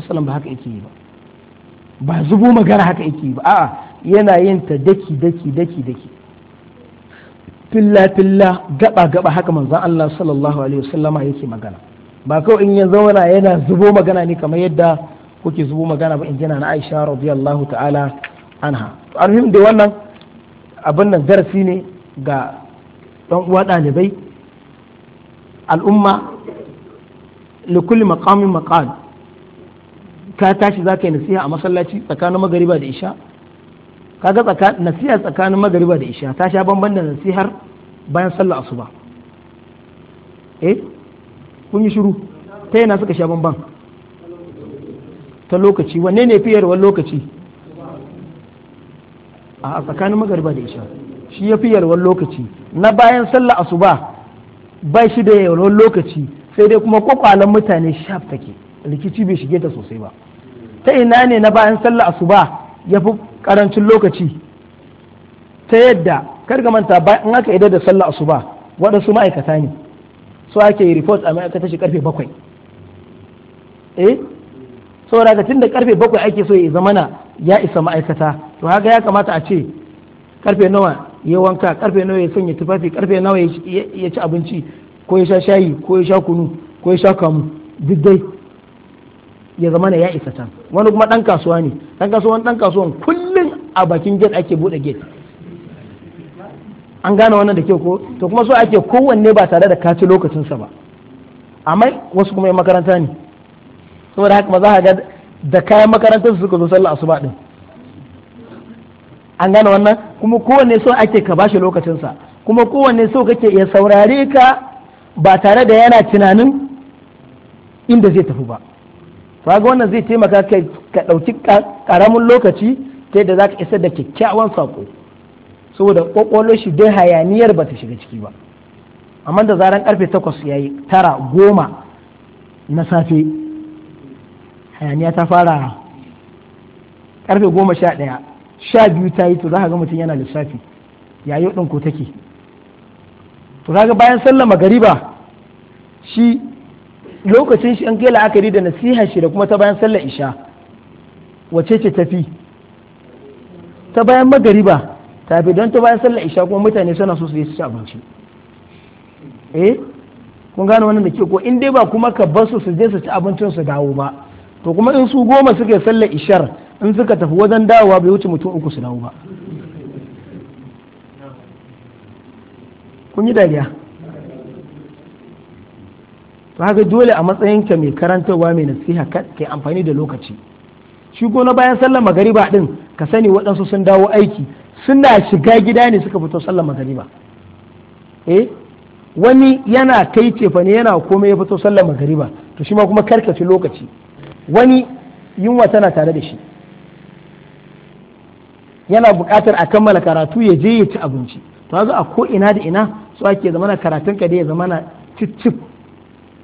sallallahu ba haka yake yi ba ba zubo magana haka yake ba a'a yana yin ta daki daki daki daki filla filla gaba gaba haka manzon Allah sallallahu alaihi wasallama yake magana ba kawai in ya zauna yana zubo magana ne kamar yadda kuke zubo magana ba in jina na Aisha radiyallahu ta'ala anha arhim da wannan abin nan darasi ne ga ɗan uwa ɗalibai al'umma kulli maqamin maqal ka tashi za ka yi nasiha a masallaci tsakanin magariba da isha kaga nasiha tsakanin magariba da isha ta sha bamban da nasihar bayan sallar asuba eh kun yi shiru ta yana suka sha bamban ta lokaci wanne ne fiyarwar lokaci a tsakanin magariba da isha shi ya fiyarwar lokaci na bayan sallar asuba ba shi da yalwar lokaci sai dai kuma kwakwalan mutane shaf take rikici bai shige ta sosai ba ta ina ne na bayan sallah asuba ya fi karancin lokaci ta yadda karga manta bayan aka idar da sallah asuba waɗansu ma'aikata ne su ake yi report a ma'aikata shi karfe bakwai eh saboda ka tunda karfe bakwai ake so ya zamana ya isa ma'aikata to haka ya kamata a ce karfe nawa ya wanka karfe nawa ya sanya tufafi karfe nawa ya ci abinci ko ya sha shayi ko ya sha kunu ko ya sha kamu duk dai ya zama ya isa can wani kuma dan kasuwa ne dan kasuwa dan kasuwan kullum a bakin gate ake bude gate an gane wannan da ke ko to kuma so ake kowanne ba tare da kaci lokacinsa ba amma wasu kuma yan makaranta ne saboda haka maza za ga da kayan makarantar suka zo sallah asuba din an gane wannan kuma kowanne so ake ka bashi lokacinsa kuma kowanne so kake ya saurare ka ba tare da yana tunanin inda zai tafi ba to ga wannan zai taimaka ka ɗauki ƙaramin lokaci ta yadda za ka isar da kyakkyawan saƙo saboda ƙwaƙwalo shi dai hayaniyar ba ta shiga ciki ba amma da zaran ƙarfe takwas ya yi tara goma na safe hayaniya ta fara ƙarfe goma sha ɗaya sha biyu ta yi to za ka ga mutum yana lissafi yayi ɗin ko take to kaga bayan sallama gariba shi lokacin shi an kai la'akari da nasiha shi da kuma ta bayan sallar isha wace ce tafi ta bayan magariba fi don ta bayan sallar isha kuma mutane suna so su yi su abinci eh kun gane wannan da ke ko in dai ba kuma ka bar su su je su ci abincin su dawo ba to kuma in su goma suka sallar ishar in suka tafi wajen dawowa bai wuce mutum uku su dawo ba kun yi dariya to haka dole a matsayinka mai karantarwa mai nasiha kai amfani da lokaci shi na bayan sallar magariba din ka sani waɗansu sun dawo aiki suna shiga gida ne suka fito sallar magariba eh wani yana kai cefa ne yana komai ya fito sallar magariba to shi ma kuma karkace lokaci wani yunwa tana tare da shi yana buƙatar a kammala karatu ya je ya ci abinci to haka a ko ina da ina su ake zamana karatun ka da ya zamana cip-cip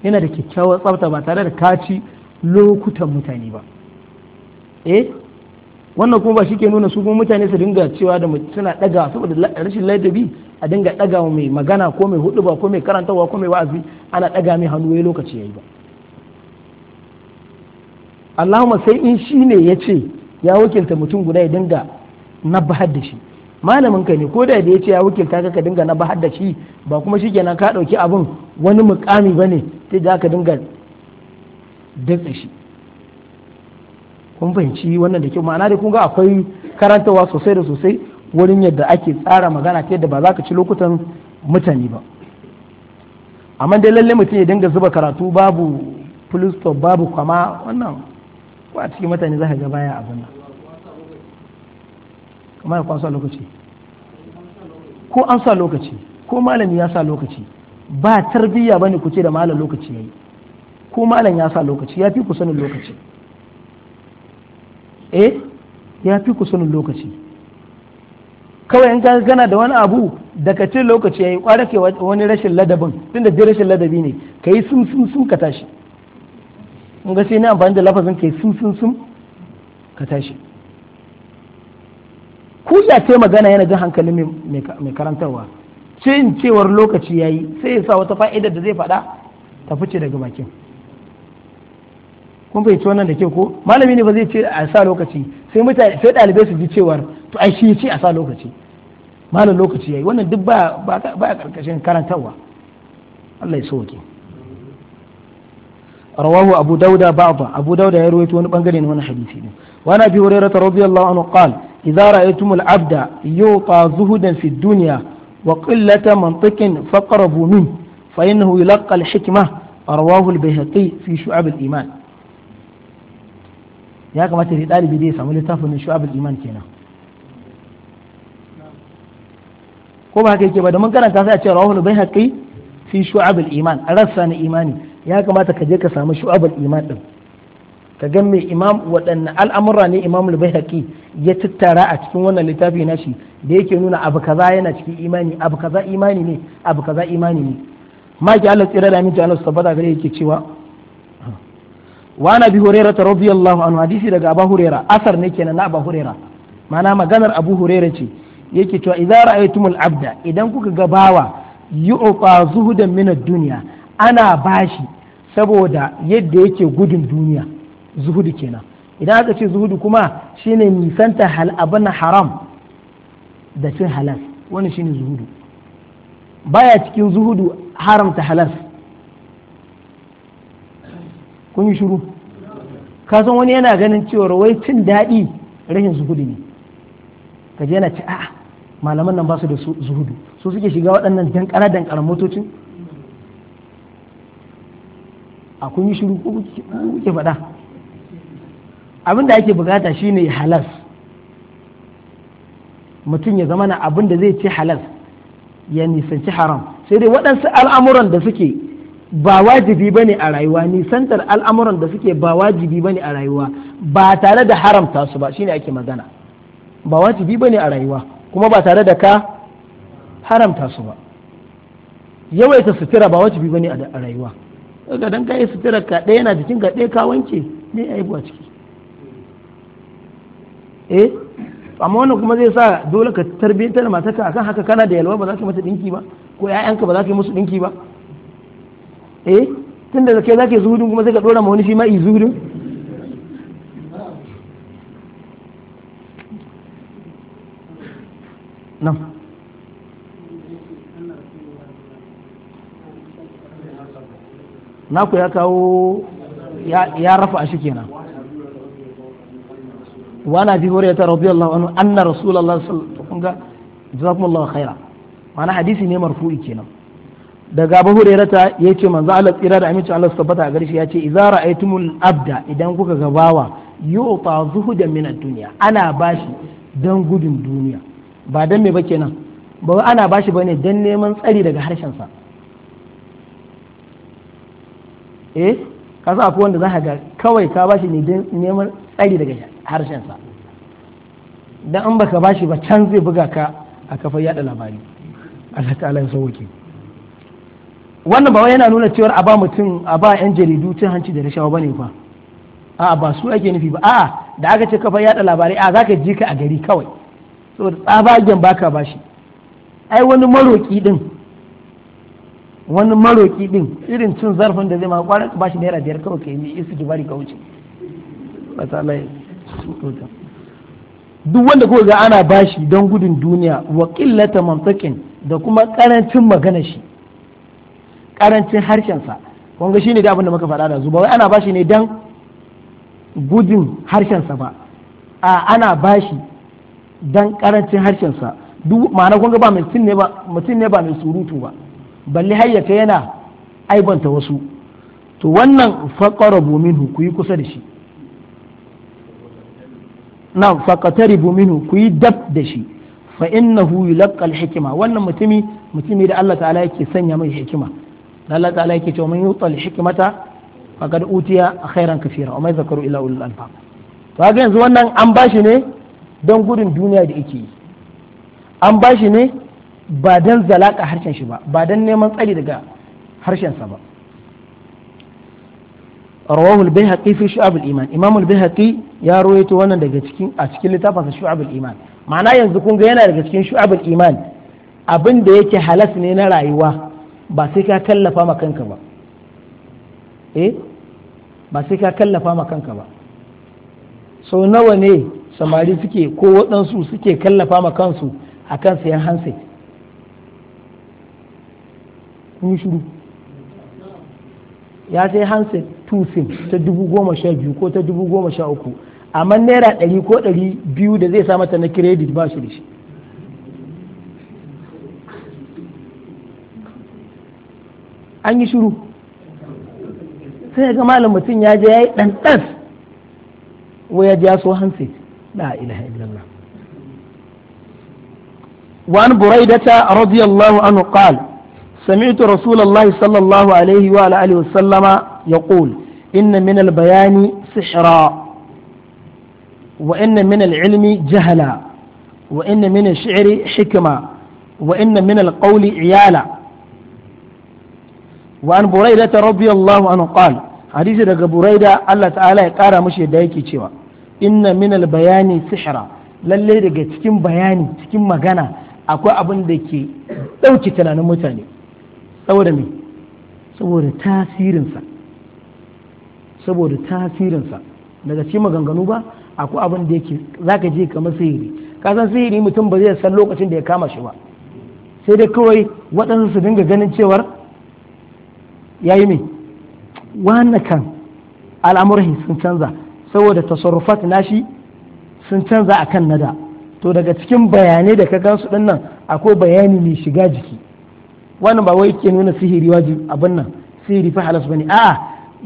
yana da kyakkyawar tsafta ba tare da kaci lokutan mutane ba eh wannan kuma ba shi ke nuna su kuma mutane su dinga cewa da suna daga saboda rashin ladabi a dinga daga mai magana ko mai hudu ba ko mai karantawa ko mai wa'azi ana daga mai hannu ya lokaci yayi ba Allahumma sai in shi ne ya ce ya wakilta mutum guda ya dinga na da shi malamin ka ne ko da da ce ya wakilta ka ka dinga na bahar da shi ba kuma na ka ɗauki abun wani mukami bane sai da ka dinga dinka shi kun fahimci wannan da kyau ma'ana dai kun ga akwai karantawa sosai da sosai wurin yadda ake tsara magana ta yadda ba za ka ci lokutan mutane ba amma dai lalle mutum ya dinga zuba karatu babu plus babu kwama wannan ko a cikin mutane za ka ga baya abin nan kamar ko an sa lokaci ko an sa lokaci ko malami ya sa lokaci ba tarbiyya bane ku ce da malam lokaci yayi ko malam ya sa lokaci ya fi ku sanin lokaci eh ya fi ku sanin lokaci kawai in ka gana da wani abu daga ce lokaci yayi kwara ke wani rashin ladabin tunda dai rashin ladabi ne kai sun sun sun ka tashi in ga sai ni amfani da lafazin kai sun sun sun ka tashi ko ce ta magana yana jin hankalin mai karantarwa cin cewar lokaci ya yi sai ya sa wata fa'idar da zai faɗa ta fice daga bakin kun fahimci wannan da ke ko malami ne ba zai ce a sa lokaci sai mutane ɗalibai su ji cewar to ai shi ce a sa lokaci malam lokaci ya yi wannan duk ba a karkashin karantarwa Allah ya sauke rawahu abu dauda ba'da abu dauda ya rawaito wani bangare ne wannan hadisi ne wa na hurairah radiyallahu anhu qala إذا رأيتم العبد يعطى زهدا في الدنيا وقلة منطق فقربوا منه فإنه يلقى الحكمة رواه البيهقي في شعب الإيمان ya kamata da ɗalibi zai samu littafin shu'abul iman kenan ko ba haka yake ba da mun karanta sai a ce rawahul baihaqi fi shu'abul iman rassa na imani ya kamata ka je ka samu shu'abul iman ka ga mai imam waɗanne al'amura ne imam al ya tattara a cikin wannan littafi nashi da yake nuna abu kaza yana cikin imani abu kaza imani ne abu kaza imani ne ma ki Allah tsira da minta Allah tabbata gare yake cewa wa na bi hurairah radiyallahu anhu hadisi daga abu hurera. asar ne kenan na abu hurera. ma'ana maganar abu hurera ce yake cewa idza ra'aytumul abda idan kuka ga bawa yu'ta zuhudan min ad-dunya ana bashi saboda yadda yake gudun duniya zuhudu kenan idan aka ce zuhudu kuma shine nisanta hal abana haram da cin halal wani shine zuhudu baya cikin zuhudu haramta halal kun yi shiru ka san wani yana ganin cewa wai cin daɗi rashin zuhudu ne ka je yana ce a malaman nan ba su da zuhudu su suke shiga waɗannan dankara dankara motocin a kun yi shiru ko kuke faɗa abin da ake bukata shine halas mutum ya zama na abin da zai ci halas ya nisanci haram sai dai waɗansu al'amuran da suke ba wajibi bane a rayuwa nisantar al'amuran da suke ba wajibi bane a rayuwa ba tare da haramta su ba shine ake magana ba wajibi bane a rayuwa kuma ba tare da ka haramta su ba yawaita sutura ba wajibi bane a rayuwa ga dan kai sutura ka ɗaya na jikin ka ɗaya ka wanke ne aibu a ciki eh amma wannan kuma zai sa dole ka tarbiyyantar da matarka akan haka kana da yalwa ba za ka mata dinki ba ko ƴaƴanka ba za ka yi musu dinki ba eh tunda da kai za ka yi zuhudin kuma sai ka dora ma wani shi ma yi zuhudin nan naku ya kawo ya rafa a shi kenan وأنا أبي هريرة رضي الله عنه أن رسول الله صلى الله عليه وسلم جزاكم الله خيرا معنى حديثي ne marfu'i kenan daga Abu Hurairata yace manzo Allah tsira da aminci Allah tabbata a gare shi yace idza ra'aytumul abda idan kuka ga bawa yu'ta zuhudan min ad-dunya ana bashi dan gudun duniya ba dan me ba kenan ba ana bashi bane dan neman tsari daga harshen sa eh kasa akwai wanda za kawai ka bashi ne neman tsari daga harshensa dan an baka bashi ba can zai buga ka a kafar yada labari Allah ta'ala ya sauke wannan ba yana nuna cewa a ba mutum a ba yan jaridu cin hanci da rashawa bane fa a ba su ake nufi ba a da aka ce kafar yada labari a zaka ji ka a gari kawai saboda tsabagen baka bashi ai wani maroki din wani maroki din irin cin zarfin da zai ma kwarar bashi naira biyar kawai ka yi isu jibari ka wuce duk wanda kuka ga ana bashi don gudun duniya wa qillata mantakin da kuma karancin magana shi karancin harshensa kun ga shine da abin da muka faɗa da zuba wai ana bashi ne don gudun harshensa ba a ana bashi don karancin harshensa duk ma'ana kun ba mutum ne ba mai surutu ba balle hayyata yana aibanta wasu to wannan faqarabu minhu ku yi kusa da shi na fakatari buminu ku yi dab da shi fa innahu lakkal hikima wannan mutumi mutumi da Allah ta'ala yake sanya mai hikima Allah ta'ala yake cewa man yutal hikimata faqad utiya khairan kaseera wa ma zakaru ila ulul albab to ga yanzu wannan an bashi ne don gudun duniya da ike yi an bashi ne ba don zalaka harshen shi ba ba don neman tsari daga harshensa ba rawahu al-baihaqi fi shu'ab al-iman imam al-baihaqi ya rawaito wannan daga cikin a cikin littafin sa shu'ab al-iman ma'ana yanzu kun ga yana daga cikin shu'ab al-iman abinda yake halas ne na rayuwa ba sai ka kallafa ma kanka ba eh ba sai ka kallafa ma kanka ba sau nawa ne samari suke ko waɗansu suke kallafa ma kansu akan sayan handset kun shiru ya sai hanset tusin ta dubu goma sha biyu ko ta dubu goma sha uku amma naira ɗari ko ɗari biyu da zai sa mata na kiredit ba shi da shi an yi shiru sai ga malam mutum ya je ya yi ɗanɗan waya ya so hansa la ilaha illallah وعن بريدة رضي الله عنه قال سمعت رسول الله صلى الله عليه وعلى وآله وسلم يقول إن من البيان سحرا وإن من العلم جهلا وإن من الشعر حكمة وإن من القول عيالا وعن بريدة رضي الله عنه قال حديث دقى بريدة الله تعالى يقارى مشي دايكي تشوى إن من البيان سحرا للي دقى تكين بياني تكين مغانا أكو أبن دكي ɗauki tunanin mutane saboda me saboda tasirinsa saboda tasirinsa daga ci maganganu ba akwai abin da yake zaka je kamar sihiri ka san sihiri mutum ba zai san lokacin da ya kama shi ba sai dai kawai waɗansu su dinga ganin cewar yi yi wannan kan al'amurhi sun canza saboda tasarrufat nashi sun canza a kan nada to daga cikin bayanai da ka gansu dinnan akwai bayani mai shiga jiki wannan ba wai ke nuna sihiri wajibi abin nan sihiri fa halas bane a'a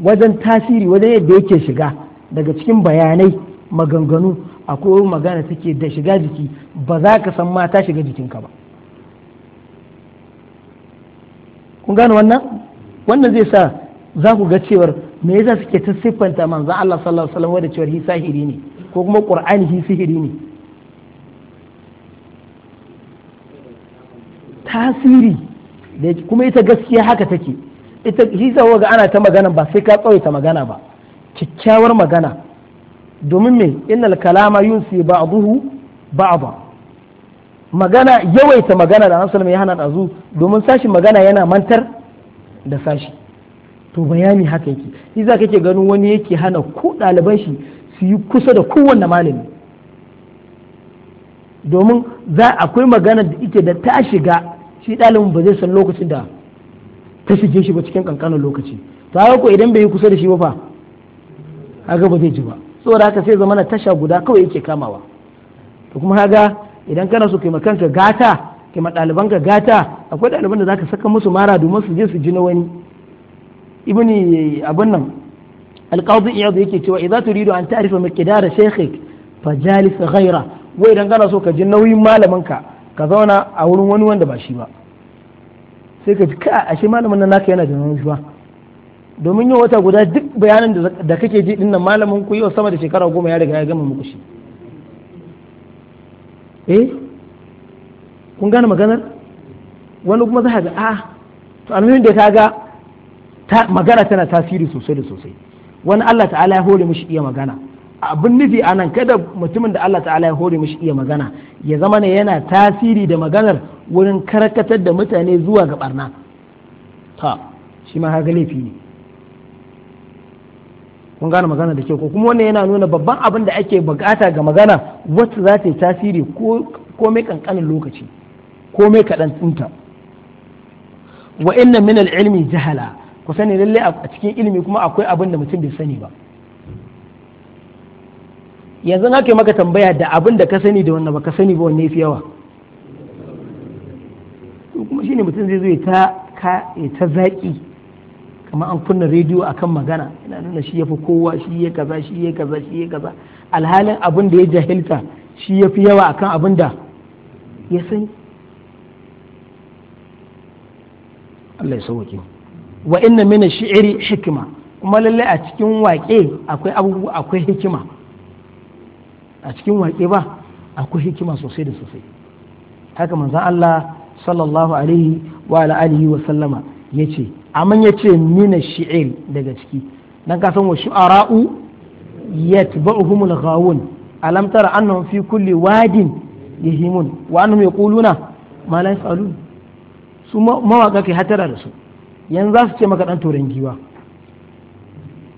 wajen tasiri wajen yadda yake shiga daga cikin bayanai maganganu akwai magana take da shiga jiki ba za ka san ma ta shiga jikinka ba kun gane wannan wannan zai sa za ku ga cewar me yasa suke ta siffanta manzo Allah sallallahu alaihi wasallam da cewar hi sahiri ne ko kuma qur'ani hi sihiri ne tasiri kuma ita gaskiya haka take ita hisa ga ana ta magana ba sai ka tsawaita magana ba kyakkyawar magana domin me innal kalama yunsi ba'dahu ba'da magana yawaita magana da Annabi ya hana ɗazu domin sashi magana yana mantar da sashi to bayani haka yake shi za kake ganin wani yake hana ko ɗaliban shi su yi kusa da kowanne malami domin za akwai magana da ita da ta shiga shi ɗalibin ba zai san lokacin da ta shige shi ba cikin kankanin lokaci ta ko idan bai yi kusa da shi ba fa haka ba zai ji ba saboda haka sai zamana tasha guda kawai yake kamawa to kuma haga idan kana so kai makanka gata kai ka gata akwai ɗaliban da zaka saka musu mara domin su je su ji na wani ibni abin nan alqadi iyad yake cewa idza turidu an ta'rifa miqdar shaykhik fajalis ghaira wai idan kana so ka ji nauyin ka ka zauna a wurin wani wanda ba shi ba sai ka ji ka ashe malamin nan naka yana da nauyi ba domin yau wata guda duk bayanin da kake ji din nan malamin ku yau sama da shekara goma ya riga ya gama muku shi eh kun gane maganar wani kuma za ga a to alhamdulillah da ka ga ah, magana tana tasiri sosai da sosai wani Allah ta'ala ya hore mishi iya magana abin nufi a nan kada mutumin da Allah ta'ala ya hore mishi iya magana ya zama ne yana tasiri da maganar wurin karkatar da mutane zuwa ga barna ta shi ma haka laifi ne kun gane magana da kyau ko kuma wannan yana nuna babban abin da ake bukata ga magana wacce za ta yi tasiri ko mai kankanin lokaci ko mai kaɗan tsinta wa inna min al-ilmi jahala ku sani lallai a cikin ilimi kuma akwai abin da mutum bai sani ba yanzu na kai maka tambaya da abin da ka sani da ba ka sani ba wanne fi yawa kuma shine mutum zai zo ta ka ta zaƙi. kamar an kunna rediyo akan magana ina nuna shi yafi kowa shi ya kaza shi ya kaza shi ya kaza alhalin abin da ya jahilta shi ya fi yawa akan abin da ya sani Allah ya sauke wa inna mina shiri hikima. kuma lallai a cikin waƙe akwai abubuwa akwai hikima a cikin waƙe ba akwai hikima sosai da sosai haka manzon Allah sallallahu alaihi wa alihi wa sallama yace amma yace mina shi'il daga ciki dan ka san wa shu'ara'u yatba'uhumul ghawun alam tara annahum fi kulli wadin yahimun wa annahum yaquluna ma la yaf'alun su mawaka kai hatara da su yanzu za su ce maka dan toren giwa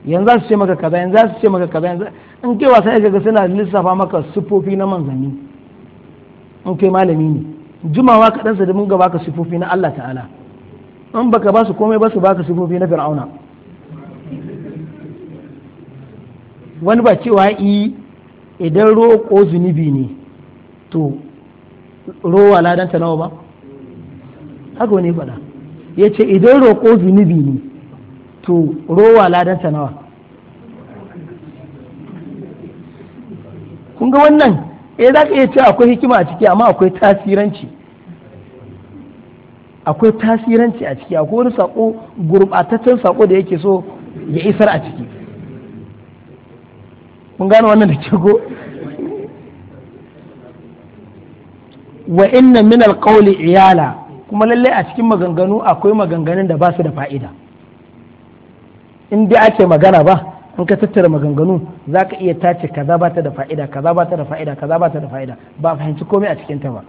yanzu za su ce maka kaza yanzu za su ce maka kaza yanzu in kai wasa ya ga suna lissafa maka sufofi na manzanni in kai malami ne jumawa kaɗan su da mun gaba ka sufofi na Allah ta'ala in baka ba su komai ba su baka sufofi na fir'auna wani ba cewa i idan roƙo zunubi ne to rowa ladanta nawa ba haka wani faɗa ya ce idan roƙo zunubi ne to rowa ladansa nawa kun ga wannan eh za ka iya cewa akwai hikima a ciki amma akwai tasiranci akwai tasiranci a ciki akwai wani sako gurbataccen sako da yake so ya isar a ciki kun gane wannan da ke go wa inna min alqawli iyala kuma lalle a cikin maganganu akwai maganganun da ba su da fa'ida in dai ake magana ba in ka tattara maganganu za ka iya tace kaza ba ta da fa'ida kaza ba ta da fa'ida kaza ba ta da fa'ida ba fahimci komai a cikinta ba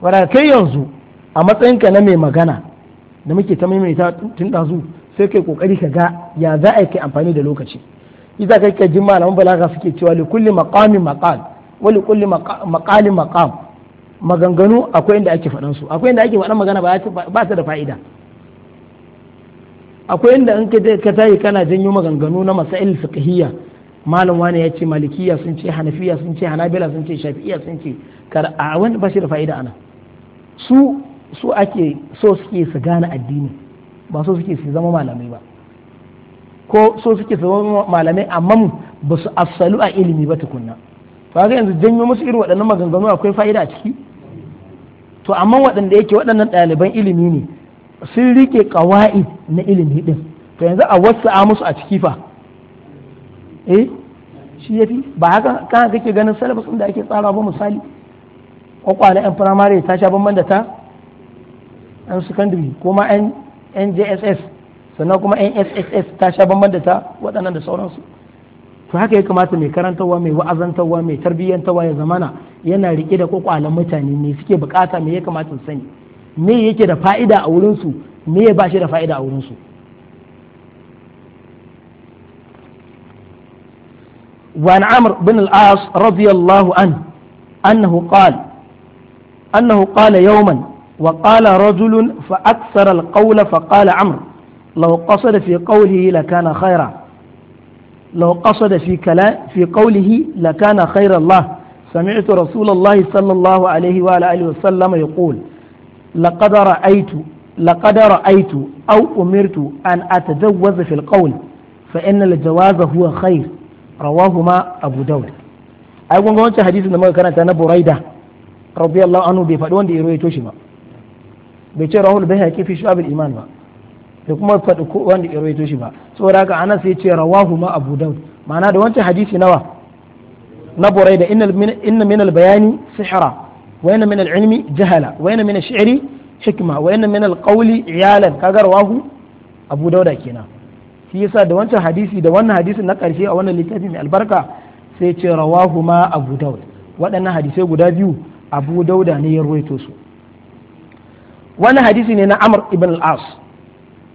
wadda kai yanzu a matsayinka na mai magana da muke ta maimaita tun ɗazu sai kai kokari ka ga ya za a yi amfani da lokaci iza kai ka ji malaman balaga suke cewa li kulli maqami maqal wa li kulli maqali maqam maganganu akwai inda ake faɗan su akwai inda ake faɗan magana ba ta da fa'ida akwai inda in ka tayi kana janyo maganganu na masail fiqhiyya malam wani ya ce malikiya sun ce hanafiya sun ce hanabila sun ce shafi'iya sun ce kar a wani ba shi da fa'ida ana su su ake so suke su gane addini ba so suke su zama malamai ba ko so suke su zama malamai amma ba su asalu a ilimi ba tukunna to ga yanzu janyo musu irin waɗannan maganganu akwai fa'ida a ciki to amma waɗanda yake waɗannan ɗaliban ilimi ne sun rike kawai na ilimi din to yanzu a wasu musu a ciki fa eh shi yafi ba haka kan kake ganin salafus da ake tsara ba misali kwakwale yan firamare ta sha bamban da ta yan secondary kuma yan njss sannan kuma yan sss ta sha bamban ta waɗannan da sauransu to haka ya kamata mai karantarwa mai wa'azantarwa mai tarbiyyantarwa ya zamana yana rike da kwakwalen mutane ne suke bukata me ya kamata su sani me yake da fa'ida a wurinsu me ba shi da fa'ida a wurinsu وعن عمرو بن العاص رضي الله عنه أنه قال أنه قال يوما وقال رجل فأكثر القول فقال عمرو لو قصد في قوله لكان خيرا لو قصد في كلام في قوله لكان خير الله سمعت رسول الله صلى الله عليه وعلى آله وسلم يقول لقد رأيت لقد رأيت أو أمرت أن أتجوز في القول فإن الجواز هو خير رواهما أبو داود أي kun ga wancan hadisin da muka karanta na Buraida radiyallahu anhu bai faɗi wanda ya rawaito shi ba bai ce rahul bai haƙi fi shu'abul iman ba bai kuma faɗi wanda ya rawaito shi ba saboda haka Anas ya ce rawahuma Abu Dawud ma'ana da wancan hadisi nawa na Buraida inna min bayani sihra وإن من العلم جهلا وإن من الشعر hikma wa yana min alqawli iyalan kaga rawahu abu kenan shi da wancan hadisi da wannan hadisin na karshe a wannan littafi mai albarka sai ce rawahu ma abu hadisai guda biyu abu dauda ne ya ruwaito su wannan hadisi ne na amr ibn al-as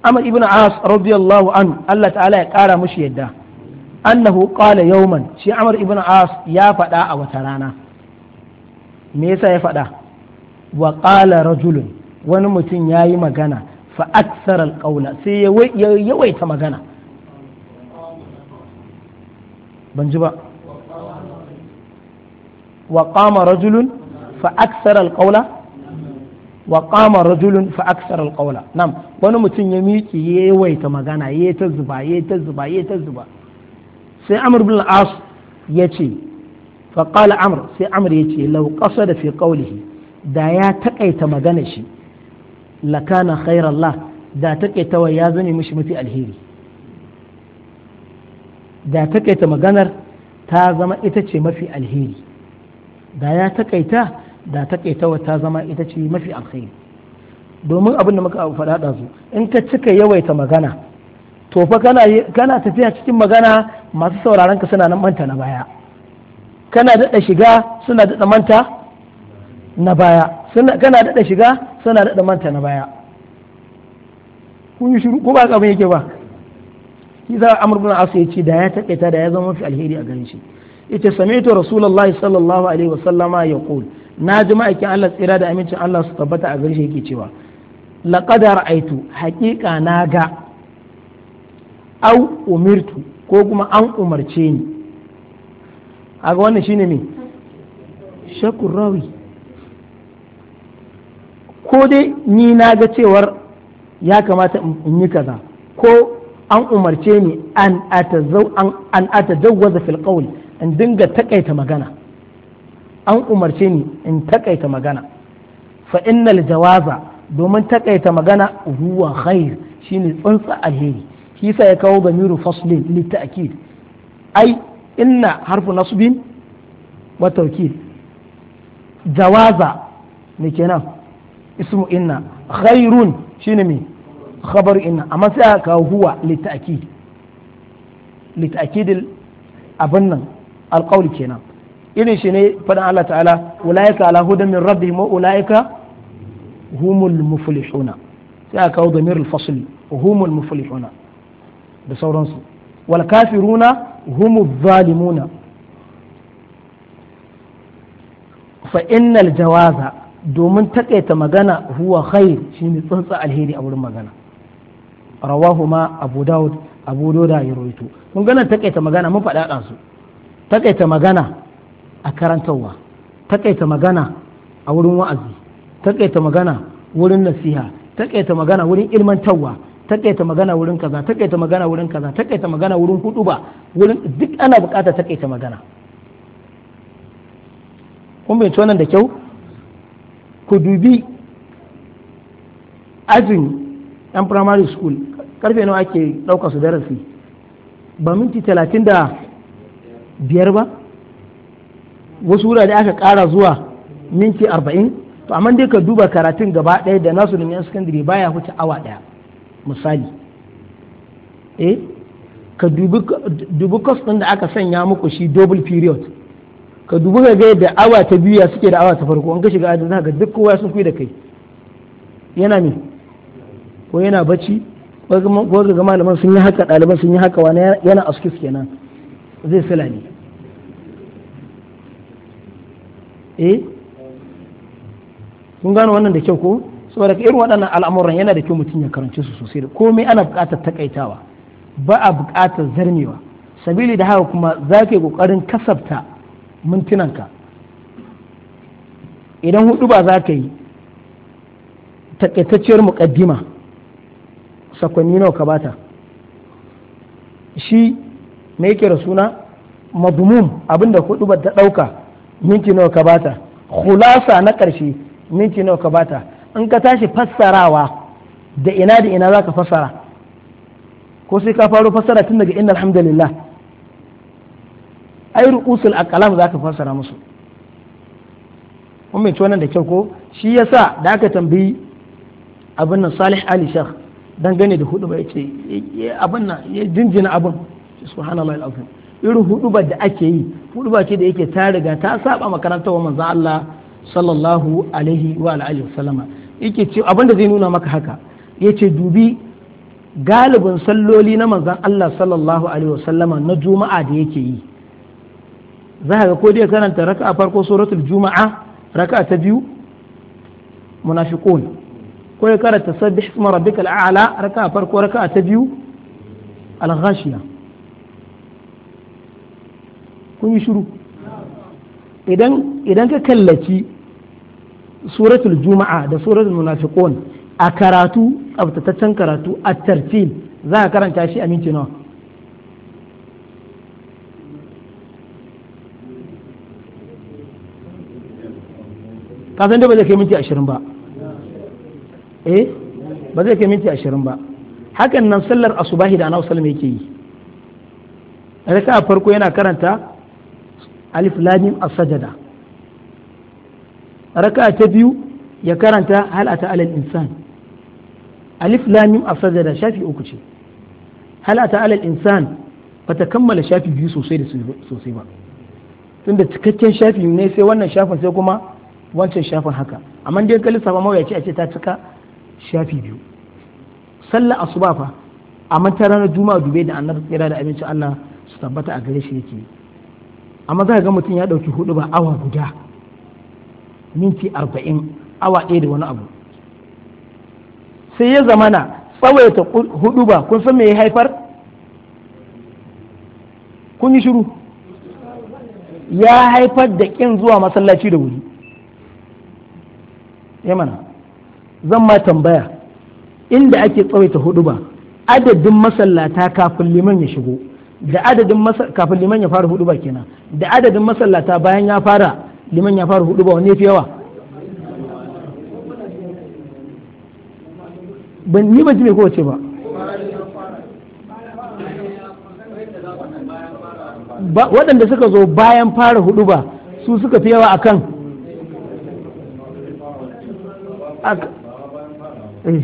amr ibn al-as radiyallahu an Allah ta'ala ya kara mushi yadda annahu qala yawman shi Amar ibn al-as ya faɗa a wata rana me yasa ya faɗa wa ƙala rajulun wani mutum ya yi magana fa aksar alƙauna sai ya yawaita magana ban ji ba wa ƙama rajulun fa aksar alƙaula wa ƙama rajulun fa aksar alƙaula nam wani mutum ya miƙi ya yawaita magana ya ta zuba ya ta zuba ya ta zuba sai amr bin al ya ce فقال عمر سي عمر يجي لو قصد في قوله دا يا تقيت مغنشي لكان خير الله دا تقيت ويا زني مش متي الهيري دا تقيت مغنر تا زما ita مفي mafi دا يا تقيت دا تقيت takaitawa ta zama ita ce mafi alheri domin abin da muka faɗa da su in ka cika yawaita magana to fa kana tafiya cikin magana masu sauraron ka suna nan manta na baya kana daɗa shiga suna daɗa manta na baya kana daɗa shiga suna daɗa manta na baya kun yi shiru ko ba ka yake ba shi za amr bin asu ya ce da ya taƙaita da ya zama mafi alheri a ganin shi ita ta rasulullahi sallallahu alaihi wa sallama ya yaqul na ji ma'aikin Allah tsira da amincin Allah su tabbata a ganin shi yake cewa laqad ra'aitu haƙiƙa na ga au umirtu ko kuma an umarce ni aga wannan shine me shakun rawi ko dai ni na ga cewar ya kamata in yi kaza ko an umarce ni an atazawwaza fil qawl in dinga takaita magana an umarce ni in takaita magana fa innal jawaza domin takaita magana huwa khair shine tsantsa alheri shi ya kawo gamiru faslin li ta'kid ai inna harfu nasbin wa tawkid jawaza me kenan ismu inna khairun shine me khabar inna amma sai aka kawo huwa lita'kid lita'kid abin nan alqawl kenan irin shi ne faɗin Allah ta'ala ulaika ala hudan min rabbihim wa ulaika humul muflihuna sai aka kawo damir al-fasl humul muflihuna da sauransu wal kafiruna humu zalimuna fa jawaza domin taƙaita magana huwa khair shine tsantsa alheri a wurin magana rawahu ma abu daud abu doda ya rawaito kun gana takaita magana mun faɗa su takaita magana a karantarwa takaita magana a wurin wa'azi takaita magana wurin nasiha takaita magana wurin ilmantarwa takaita magana wurin kaza takaita magana wurin kaza takaita magana wurin hudu ba wurin duk ana bukata takaita magana kun bai wannan da kyau ku dubi ajin yan primary school karfe nawa ake ɗauka su darasi ba minti talatin da biyar ba wasu wurare aka kara zuwa minti arba'in to amma dai ka duba karatun gaba ɗaya da nasu da yan secondary baya huce awa ɗaya misali eh ka dubi kwas ɗin da aka sanya muku shi double period ka dubi ka ga da awa ta biyu ya suke da awa ta farko an ka shiga ajin zaka duk kowa sun kuyi da kai yana me ko yana bacci ko ga malaman sun yi haka ɗaliban sun yi haka wani yana askis kenan zai sila ne eh kun gano wannan da kyau ko saboda irin waɗannan al'amuran yana da kyau mutum ya karance su sosai da komai ana buƙatar takaitawa ba a buƙatar zarmewa sabili da haka kuma za ka yi ƙoƙarin kasafta mintunanka idan hudu ba za ka yi takaitacciyar muƙaddima sakonni nawa ka bata shi me yake da suna madumum abinda hudu ba ta ɗauka minti nawa ka bata khulasa na ƙarshe minti nawa ka bata in ka tashi fassarawa da ina da ina za ka fassara ko sai ka faro fassara tun daga inna alhamdulillah ai ru'usul aqlam za ka fassara musu mun wannan da kyau ko shi yasa da aka tambayi abin nan Salih Ali Sheikh dangane da hudu ba yace abin nan ya jinjina abin subhanallahi alazim irin ba da ake yi hudu ba ce da yake ta riga ta saba makarantar manzon Allah sallallahu alaihi wa alihi wasallama yake ce abin da zai nuna maka haka Ya ce dubi galibin salloli na manzan Allah sallallahu alaihi wasallama na juma'a da yake yi za ka ga ko dai karanta raka'a farko suratul juma'a raka'a ta biyu munafiqun ko ya karanta sabbih isma rabbikal a'la raka'a farko raka'a ta biyu al-ghashiya kun yi shiru idan ka kallaci suratul juma'a da suratul munafiqun a karatu tsabtataccen karatu a tartil za a karanta shi a minti nawa ka san da ba zai kai minti ashirin ba eh ba zai kai minti ashirin ba hakan nan sallar asubahi da anawar salama yake yi raka farko yana karanta alif lamim as-sajada raka'a ta biyu ya karanta hal ata alal insan alif lam mim afsada shafi uku ce hal ata alal insan bata kammala shafi biyu sosai da sosai ba tunda cikakken shafi ne sai wannan shafin sai kuma wancan shafin haka amma dai kalli lissafa mawuyaci a ce ta cika shafi biyu sallah asuba fa amma ta ranar juma'a dube da annabi tsira da abincin Allah su tabbata a gare shi yake amma za ka ga mutum ya dauki hudu ba awa guda minti arba'in awa ɗaya da wani abu sai ya zamana tsawaita hudu ba kun san me ya haifar kun yi shiru ya haifar da ƙin zuwa masallaci da wuri mana zan ma tambaya inda ake tsawaita hudu ba adadin masallata kafin liman ya shigo da adadin kafin liman ya fara hudu ba kenan da adadin masallata bayan ya fara liman ya fara hudu ba wanne fi yawa ban ni ba ji mai kowace ba waɗanda suka zo bayan fara hudu ba su suka fi yawa akan eh.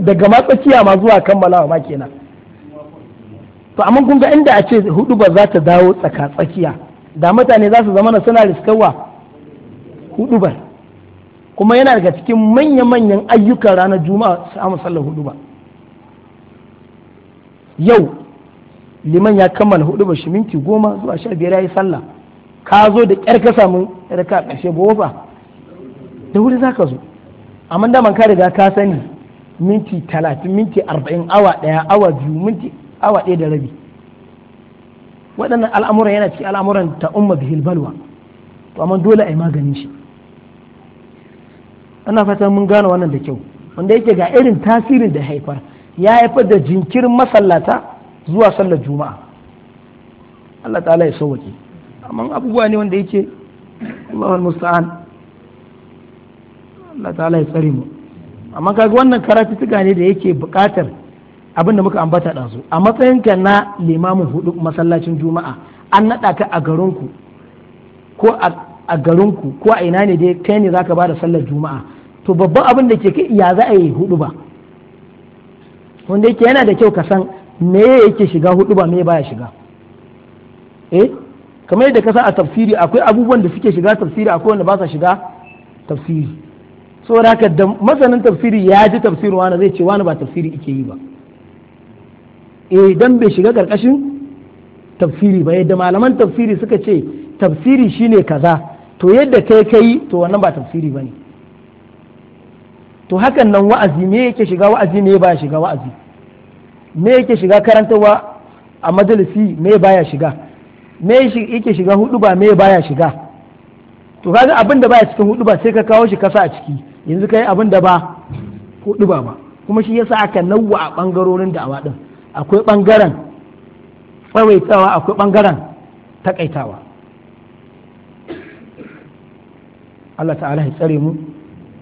daga matsakiya ma zuwa kammalawa ma kenan to amma kun ga inda a ce hudu ba za ta dawo tsaka tsakiya da mutane za su zamana suna riskawa hudubar kuma yana daga cikin manya-manyan ayyukan ranar juma'a samun sallar ba yau liman ya kammala ba shi minti goma zuwa sha biyar ya yi sallah ka zo da ƙyar ka samu raka ƙarshe bofa da wuri za ka zo amma daman ka riga ka sani minti talatin minti arba'in awa ɗaya awa biyu minti awa ɗaya da rabi waɗannan al'amuran yana ci al'amuran ta umma bihil balwa to amma dole a yi maganin shi ana fatan mun gane wannan da kyau wanda yake ga irin tasirin da haifar ya haifar da jinkirin masallata zuwa sallar juma'a Allah ta'ala ya sauwake amma abubuwa ne wanda yake Allah musta'an Allah ta'ala ya tsare mu amma kaga wannan karatu tuka ne da yake buƙatar abin da muka ambata ɗansu a matsayinka na limamin hudu masallacin juma'a an naɗa ka a garinku ko a garinku ko a ina ne dai kai ne za ka ba da sallar juma'a to babban abin da ke kai ya za a yi hudu ba wanda yake yana da kyau ka san me yake shiga hudu ba me baya shiga eh kamar yadda ka sa a tafsiri akwai abubuwan da suke shiga tafsiri akwai wanda ba sa shiga tafsiri saboda haka da masanin tafsiri ya ji tafsirin wani zai ce wani ba tafsiri ike yi ba idan eh, bai shiga karkashin tafsiri ba yadda malaman tafsiri suka ce tafsiri shine kaza to yadda kai kai to wannan ba tafsiri bane to hakan nan wa'azi me yake shiga wa'azi me baya shiga wa'azi me yake shiga karantarwa a majalisi me baya shiga me yake shiga hudu ba me baya shiga to kaga abin da baya cikin hudu ba sai ka kawo shi kasa a ciki yanzu kai abin da ba hudu ba ba kuma shi yasa aka nawa a bangarorin da'awa din akwai ɓangaren tsawaitawa akwai ɓangaren takaitawa Allah ta'ala ya tsare mu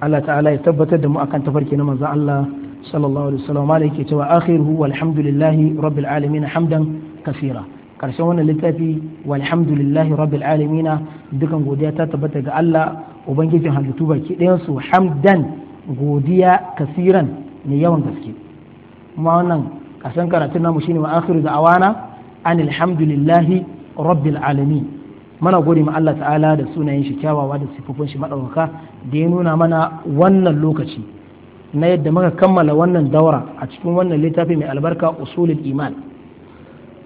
Allah ta'ala ya tabbatar da mu akan tafarki na manzo Allah sallallahu alaihi wasallam malai ke cewa akhiruhu walhamdulillahi rabbil alamin hamdan kasira karshen wannan littafi walhamdulillahi rabbil alamin dukan godiya ta tabbata ga Allah ubangijin halittu baki ɗayan su hamdan godiya kasiran ne yawan gaske kuma wannan Kasan karatun namu shine ma da awana an alhamdulillahi rabbil alamin mana gode ma Allah ta'ala da sunayen shi kyawawa da sifofin shi madaukaka da ya nuna mana wannan lokaci na yadda muka kammala wannan daura a cikin wannan littafi mai albarka usulul iman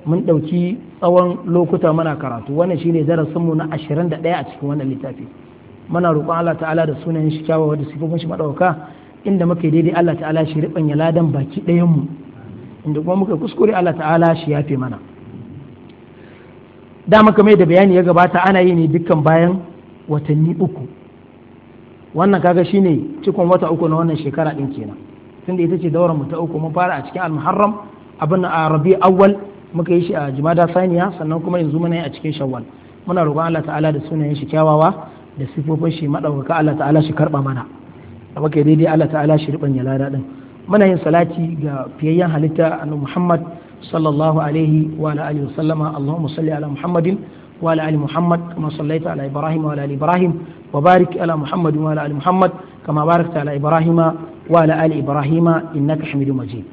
mun ɗauki tsawon lokuta mana karatu wannan shine darasinmu na 21 a cikin wannan littafi muna roƙon Allah ta'ala da sunayen shi kyawawa da sifofin shi madaukaka inda muke daidai Allah ta'ala shi riɓanya ladan baki ɗayan mu inda kuma muka kuskure Allah ta'ala shi yafe mana da muka mai da bayani ya gabata ana yi ne dukkan bayan watanni uku wannan kaga shine cikon wata uku na wannan shekara din kenan tunda ita ce daurar mu ta uku mun fara a cikin al-muharram abin a rabi awwal muka yi shi a jumada saniya sannan kuma yanzu muna yi a cikin shawwal muna roƙon Allah ta'ala da sunayen shi kyawawa da sifofin shi madaukaka Allah ta'ala shi karba mana da muke daidai Allah ta'ala shi riban ya din muna yin salati ga fiyayyen halitta annabi Muhammad sallallahu alaihi wa ala alihi wasallama Allahumma salli ala Muhammadin wa ala ali Muhammad kama sallaita ala Ibrahim wa ala ali Ibrahim wa barik ala Muhammad wa ala ali Muhammad kama barakta ala Ibrahim wa ala ali Ibrahim innaka Hamidum Majid